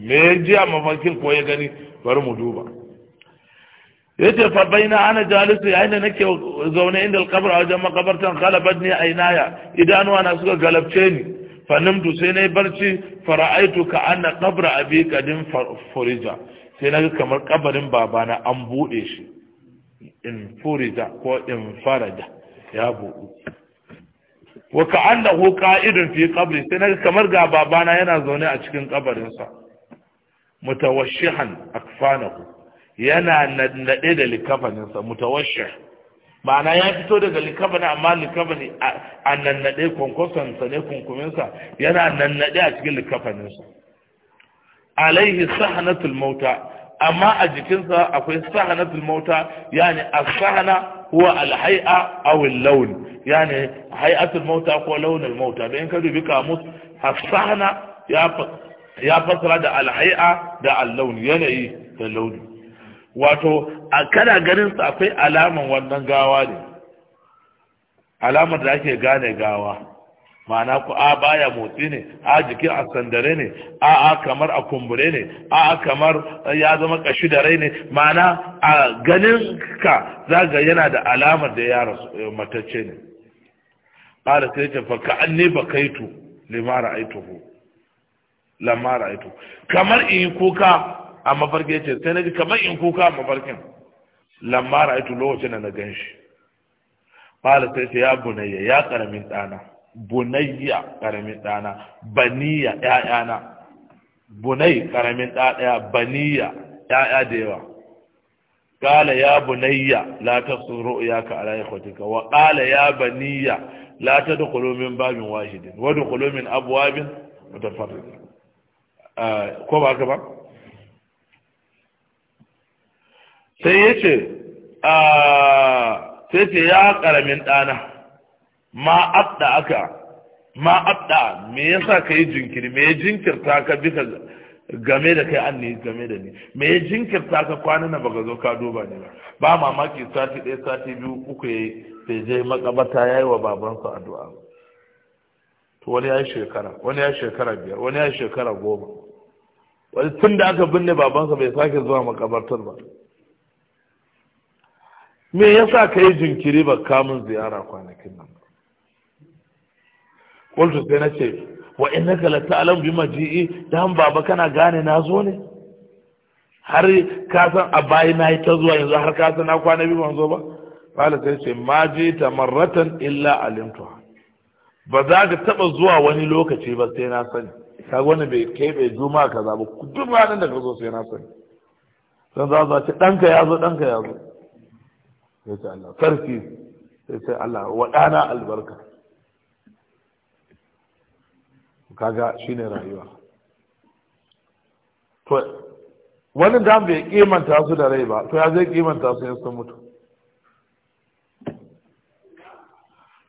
me ya ji a mafarkin ko ya gani bari mu duba ya ce fa baina ana jalisu yayin da nake zaune inda alkabar a wajen makabartan galabat ne a ainaya idanuwa na suka galabce ni fa sai na yi barci fara'aitu ka ana qabra abi kadin farija sai na ga kamar kabarin babana an buɗe shi in furida ko in farada ya buɗu wa ka annahu qa'idun fi qabri sai na ga kamar ga babana yana zaune a cikin kabarinsa mutawashihan akfanahu yana nade da likafaninsa mutawashih ma'ana ya fito daga likabani amma likabani a nannaɗe kwankwason sa ne kunkuminsa yana nannaɗe a cikin likafaninsa alaihi sahanatul mauta amma a jikinsa akwai sahanatul mauta yani as-sahana huwa al-hay'a aw al-lawn yani hay'atul mauta ko launul mauta dan ka dubi kamus as-sahana ya ya fasara da al-hay'a da al-lawn yanayi da launi wato a kana ganin sa akwai alaman wannan gawa ne alamar da ake gane gawa ma'ana ku a baya motsi ne a jikin a sandare ne a a kamar a kumbure ne a a kamar ya zama kashi da rai ne ma'ana a ganin ka zaga yana da alamar da ya eh, matacce ne ƙara sai ce faka an ne ba kaitu limara aituhu lamara aitu kamar in yi kuka a mafarki ce sai na ji kamar in kuka a mafarkin lamara aitu lokacin da na gan shi ƙara sai ce ya bunayya ya ƙaramin ɗana bunayya karamin ɗana baniya na. bunai karamin ɗaɗaya baniya ƴaƴa da yawa qala ya bunayya la tasur ru'yaka ala ikhwatika wa qala ya baniya la tadkhulu min babin wahidin wa dkhulu min abwabin mutafarrida ko ba ka ba sai yace sai ce ya karamin ɗana ma adda aka ma adda me yasa kai jinkiri me jinkirta ka bisa game da kai anni game da ni me jinkirta ka kwana na baka zo ka duba ni ba ba mamaki sati ɗaya sati biyu uku yayi sai je makabata yayi wa babansa addu'a to wani ya shekara wani ya shekara biyar wani ya shekara goma wani tun da aka binne babansa bai sake zuwa makabartar ba me yasa kai jinkiri ba kamun ziyara kwanakin nan ba qultu sai na ce wa innaka la ta'lamu bima ji'i dan baba kana gane na zo ne har ka san a bayi na yi ta zuwa yanzu har ka san na kwana bi ban zo ba qala sai ce ma ji tamarratan illa alimtuha ba za ka taba zuwa wani lokaci ba sai na sani kaga wani bai kai bai juma kaza ba duk ranar da ka zo sai na sani dan za za ce danka ya zo danka ya zo sai ce Allah sarki sai sai Allah wa albarka kaga shine rayuwa to wani da bai kimanta su da rai ba to ya zai kimanta su in sun mutu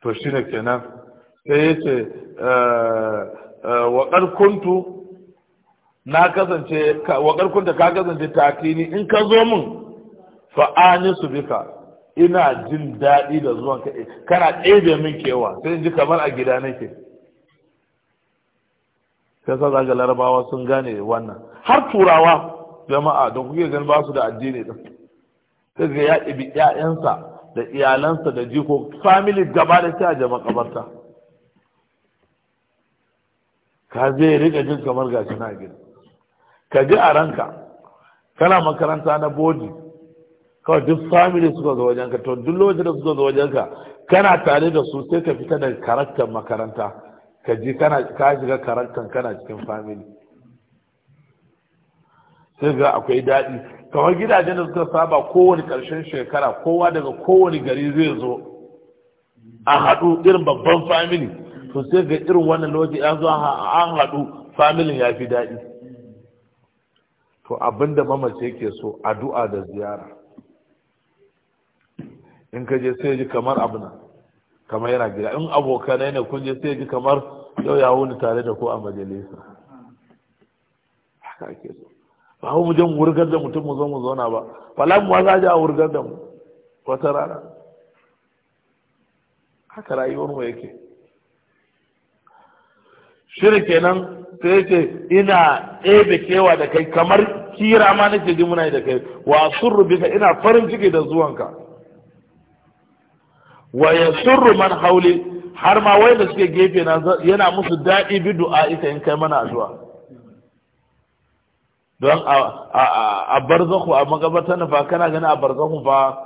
to shine kenan sai yace eh, eh, waƙar kuntu na kasance waƙar kunta ka kasance ta kini in ka zo min fa'ani su bika ina jin daɗi da zuwan ka eh, kana ɗebe min kewa sai in ji kamar a gida nake sai sa zaga larabawa sun gane wannan har turawa jama'a da kuke gani ba su da addini din sai ga ya ibi ƴaƴansa da iyalansa da jiko family gaba da ta a jama kabarta ka zai rika jin kamar shi na gida ka ji a ranka kana makaranta na bodi kawai duk family suka zo wajenka to duk lokacin da suka zo wajenka kana tare da su sai ka fita daga karakter makaranta ka ji ka shiga karantan kana cikin family sai ga akwai daɗi kamar gidajen da suka saba kowane ƙarshen shekara kowa daga kowane gari zai zo a haɗu irin babban family to sai ga irin wannan lokaci an zo an haɗu familin ya fi daɗi to abinda mamace ke so addu'a da ziyara in ka je sai ji kamar abu nan kamar yana gida in abokanai ne kun je sai ji kamar yau ya wuni tare da ko a majalisa haka ke so ba mu je wurgar da mutum mu zo mu zauna ba falan mu za a wurgar da mu wata rana haka rayuwar mu yake shiri kenan sai ce ina ɗebe kewa da kai kamar kira ma nake ji muna da kai wa surru bika ina farin ciki da zuwanka wa yasurru man hauli har ma wai da suke gefe na yana musu daɗi bi du'a ita in kai mana addu'a don a barzakhu a magabata na fa kana gani a barzakhu fa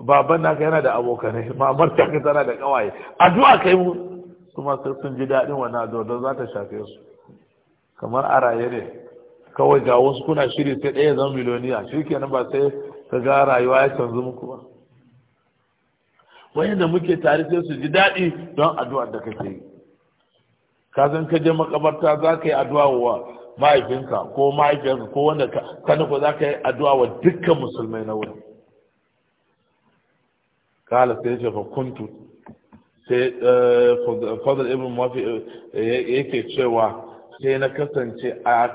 baban naka yana da abokanai mamar ta ka tana da kawaye addu'a kai mu kuma sai sun ji daɗin wannan addu'a don za ta shafe su kamar a raye ne kawai ga wasu kuna shiri sai ɗaya zama miliyoniya shi kenan ba sai ka ga rayuwa ya canzu muku ba wayanda muke tare sai su ji daɗi don addu'ar da kake yi ka san ka je makabarta za ka yi addu'a wa mahaifinka ko mahaifiyarka ko wanda ka nufa za ka yi addu'a wa dukkan musulmai na wuri kala sai ce fa kuntu sai eh, fadl ibn mafi eh, yake cewa sai na kasance a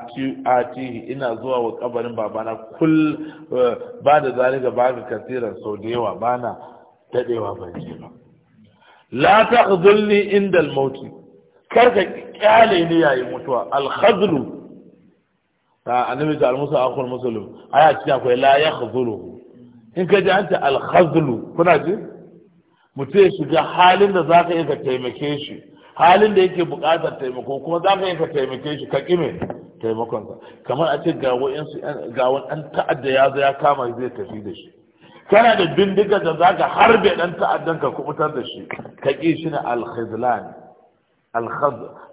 tihi ina zuwa wa kabarin babana kul eh, ba da zalika ba ka kasiran sau da yawa bana dadewa ban ce ba la taqdulni inda al-maut kar ka kyale ni yayin mutuwa al-khazlu ta annabi da al-musa akhul muslim aya ce akwai la yakhzulu in ka ji anta al-khazlu kuna ji mutum ya shiga halin da zaka yi ka taimake shi halin da yake buƙatar taimako kuma zaka yi ka taimake shi ka kime taimakonsa kamar a ce ga wa'insu ga an ta'adda ya zo ya kama zai tafi da shi kana da bindiga da za ka harbe ɗan ta'addan ka kubutar da shi ka ƙi shi ne alkhizlan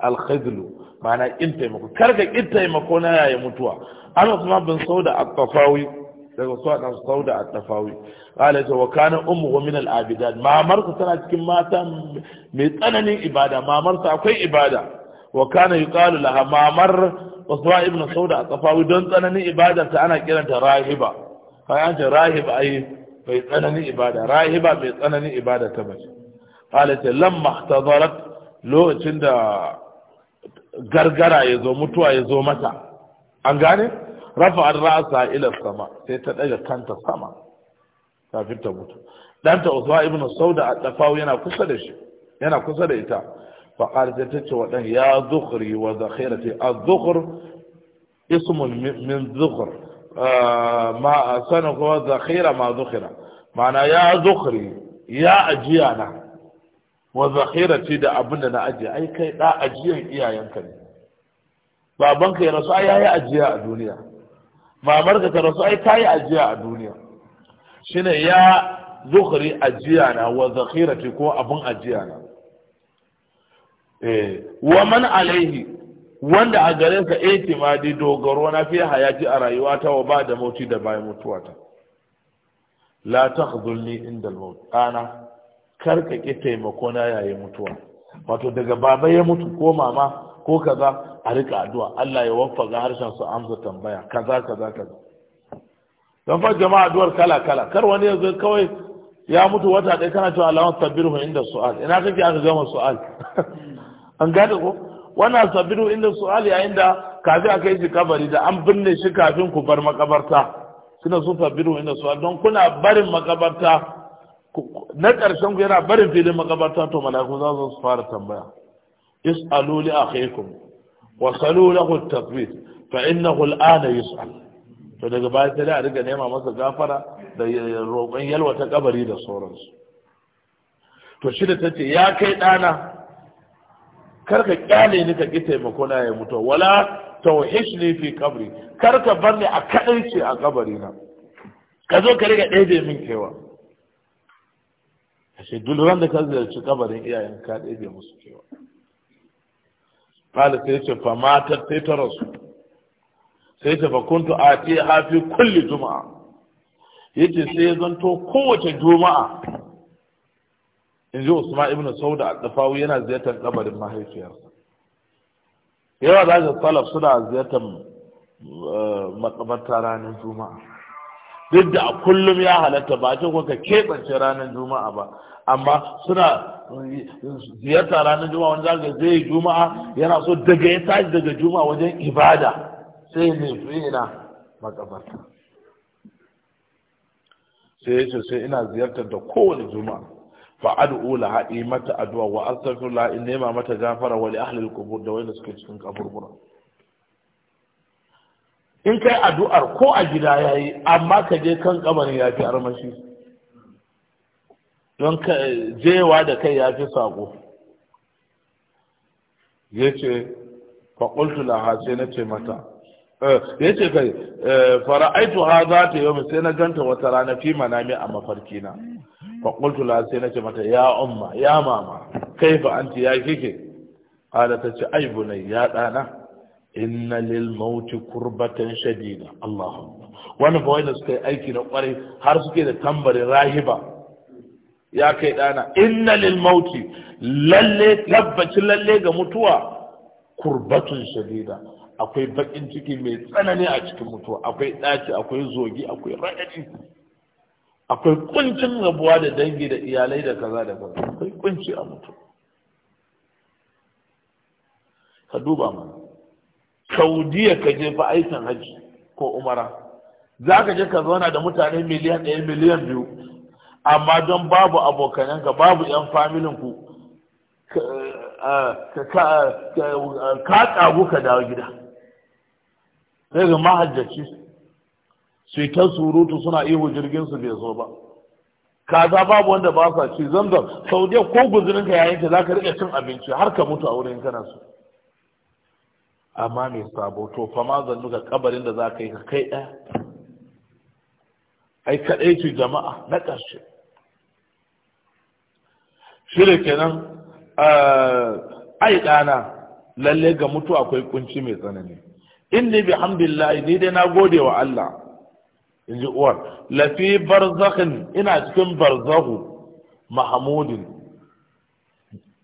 alkhizlu ma'ana ƙin taimako kar ka ƙin taimako na yaya mutuwa an usman bin sauda at-tafawi daga su dan sauda at-tafawi qala ta wa kana ummuhu min al-abidat mamarsa tana cikin mata mai tsananin ibada mamarsa akwai ibada wa kana yuqalu laha mamar usman ibn sauda at-tafawi don tsananin ibada ta ana kiranta rahiba fa yanta rahiba ai mai tsananin ibada rahiba mai tsananin ibada ta mace halitta lamma ta lokacin da gargara ya zo mutuwa ya zo mata an gane rafa an rasa ila sama sai ta ɗaga kanta sama kafin ta mutu danta usman ibn sauda a dafawu yana kusa da shi yana kusa da ita fa qarta ta ce wadan ya zukhri wa zakhirati a zukur ismun min zukur. ma sanin kuma zakhira ma zukhira ya zukhri ya ajiya na wa da abin na ajiya ai kai da ajiyan iyayenka ne babanka ya rasu ai yayi ajiya a duniya mamarka ta rasu ai tayi ajiya a duniya shine ya zukhri ajiya na wa ko abun ajiya na eh wa man alaihi wanda a gare sa itimadi eh, dogaro na fi hayati a rayuwata wa ba da mauti da bayan mutuwata la takhdhulni inda al-maut ana karka ki taimako na yayin mutuwa wato daga baba ya mutu ko mama ko kaza a rika addu'a Allah ya waffaga harshen su amsa tambaya kaza kaza kaza don fa jama'a addu'ar kala kala kar wani yanzu kawai ya mutu wata ɗaya kana cewa ya sabiru inda su'al ina kake aka gama su'al an gada ko wana sabiru inda su'ali yayin da kafin a kai shi kabari da an binne shi kafin ku bar makabarta suna su sabiru inda su'ali don kuna barin makabarta na ƙarshen ku yana barin filin makabarta to mala'iku za su fara tambaya is'alu li akhikum wa salu lahu at-tafwid fa innahu al-ana yus'al to daga baya sai a riga nema masa gafara da roƙon yalwa ta kabari da sauransu to shi da tace ya kai ɗana kar ka kyale ni ka ki taimako na ya mutu wala tawhish ni fi kabri kar ka bar ni a kadaice a kabari na ka zo ka riga ɗebe min kewa ashe duk ran da ka ziyarci kabarin iyayen ka musu kewa fala sai ce fa mata sai ta rasu sai ta fa kuntu atiha hafi kulli juma'a yace sai zanto kowace juma'a in ji usman ibn sauda al-dafawi yana ziyartar kabarin mahaifiyarsa yawa za ga salaf suna ziyartar eh, makabarta ranar juma'a duk da kullum ya halatta ba ce kuka keɓance ranar juma'a ba amma suna ziyarta ranar juma'a wani zaga zai juma'a yana so daga ya tashi daga juma'a wajen ibada sai ne ina makabarta sai ya ce sai ina ziyartar da kowane juma'a fa ad'u laha yi mata addu'a wa astaghfirullah in nema mata gafara wa li ahli al-qubur da wanda suke cikin kaburbura in kai addu'ar ko a gida yayi amma ka je kan ya fi armashi don ka jewa da kai ya fi sako yace fa qultu laha sai ce mata eh, Ya ce kai eh, fara'aitu za ta yawm sai na ganta wata rana fi manami a mafarkina faƙultu la sai nace mata ya umma ya mama kaifa anti ya kike qala ta ce ai bunai ya dana inna lil mauti kurbatan shadida Allahu wannan fa wanda suka yi aiki na kwarai har suke da tambarin rahiba ya kai ɗana. inna lil lalle tabbaci lalle ga mutuwa kurbatun shadida akwai baƙin ciki mai tsanani a cikin mutuwa akwai ɗaci akwai zogi akwai raɗaɗi akwai kuncin rabuwa da dangi da iyalai da kaza da kaza akwai kunci a mutum ka duba mana saudiya ka je fa aikin hajji ko umara za ka je ka zauna da mutane miliyan ɗaya miliyan biyu amma don babu abokananka babu yan ku, ka tsagu ka dawo gida sai ga mahajjaci sai ta surutu suna ihu jirgin su bai zo ba kaza babu wanda ba sa ci zamzam saudiya ko guzurin ka yayin ta zaka rika cin abinci har ka mutu a wurin kana so amma me sabo to fa ma zannu ga kabarin da zaka yi ka kai ɗaya ai kaɗai ce jama'a na ƙarshe shirya kenan eh, ai ɗana lalle ga mutu akwai kunci mai tsanani inni bi ni dai na gode wa Allah in ji uwar lafi barzakhin ina cikin barzahu mahamudin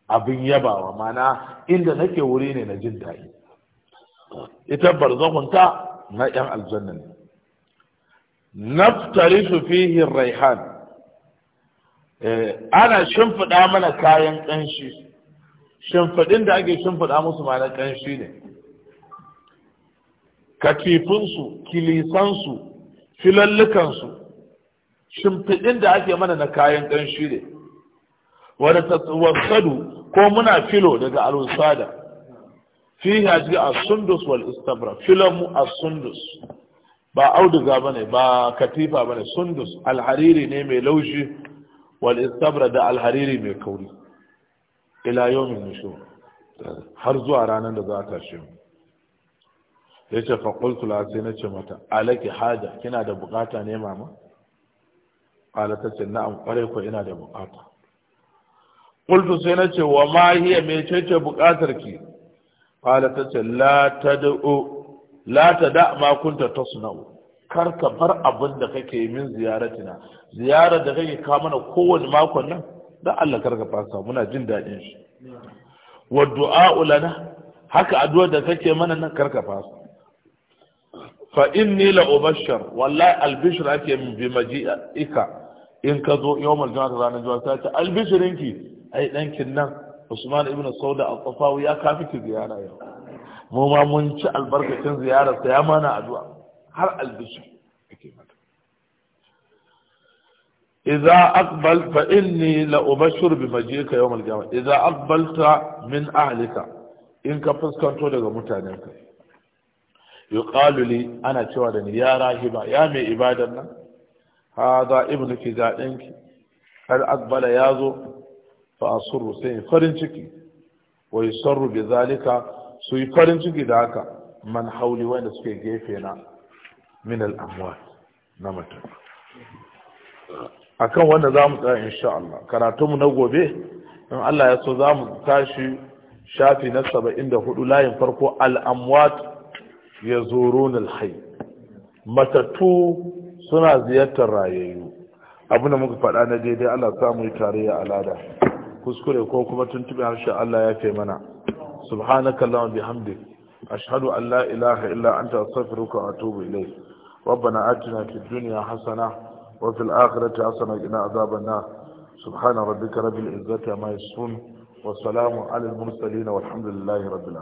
abin yabawa mana inda nake wuri ne na jin daɗi ita barzakhun ta na yan aljanna naftari fihi raihan eh, ana shimfiɗa mana kayan ƙanshi shimfiɗin da ake shimfiɗa musu mana na ƙanshi ne katifinsu kilisansu filallukansu shimfiɗin da ake mana na kayan ƙanshi ne wani tasadu ko muna filo daga alusada fi hajji a sundus wal istabra filon mu a sundus ba auduga ba ne ba katifa ba ne sundus alhariri ne mai laushi wal istabra da alhariri mai kauri ila yau mai har zuwa ranar da za ta shi mu ya ce faƙultu la sai na ce mata alaki haja kina da bukata ne mama ƙala ta ce na amfare ko ina da bukata ƙultu sai na ce wa ma hiya ce bukatar ki ƙala ta ce la ta da ma kunta tasna'u kar ka bar abin da kake min ziyaratina ziyarar da kake kawo mana kowane makon nan don Allah kar ka fasa muna jin daɗin shi wa du'a lana haka addu'a da kake mana nan kar ka fasa fa inni la ubashshar wallahi albishir ake min bi maji'ika in ka zo yawmal juma'at ranar juma'a sai ta albishirinki ai dankin nan Usman ibn Sauda al-Qafawi ya kafi ki ziyara yau mu ma mun ci albarkacin ziyarar sa ya mana addu'a har albishir ake mata idza aqbal fa inni la ubashshir bi maji'ika yawmal juma'at idza aqbalta min ahlika in ka fuskanto daga mutanenka yuqalu li ana cewa da ni ya rahiba ya mai ibadar nan hada ibnu ki ga danki akbala yazo fa asru sai farin ciki wa yusarru bi zalika su yi farin ciki da haka man hauli wanda suke gefe na min al amwat na mutum akan wanda zamu tsaya insha Allah mu na gobe in Allah ya so zamu tashi shafi na 74 layin farko al amwat ya zurun alhai matattu suna ziyartar rayayyu abinda muka faɗa na daidai Allah samu yi tarayya alada kuskure ko kuma tuntuɓe harshen Allah ya fe mana subhanaka Allahumma bihamdik ashhadu an la ilaha illa anta astaghfiruka wa atubu ilayk ربنا آتنا في الدنيا حسنة وفي الآخرة حسنة وقنا عذاب النار سبحان ربك رب العزة ما يصفون والسلام على المرسلين والحمد لله رب العالمين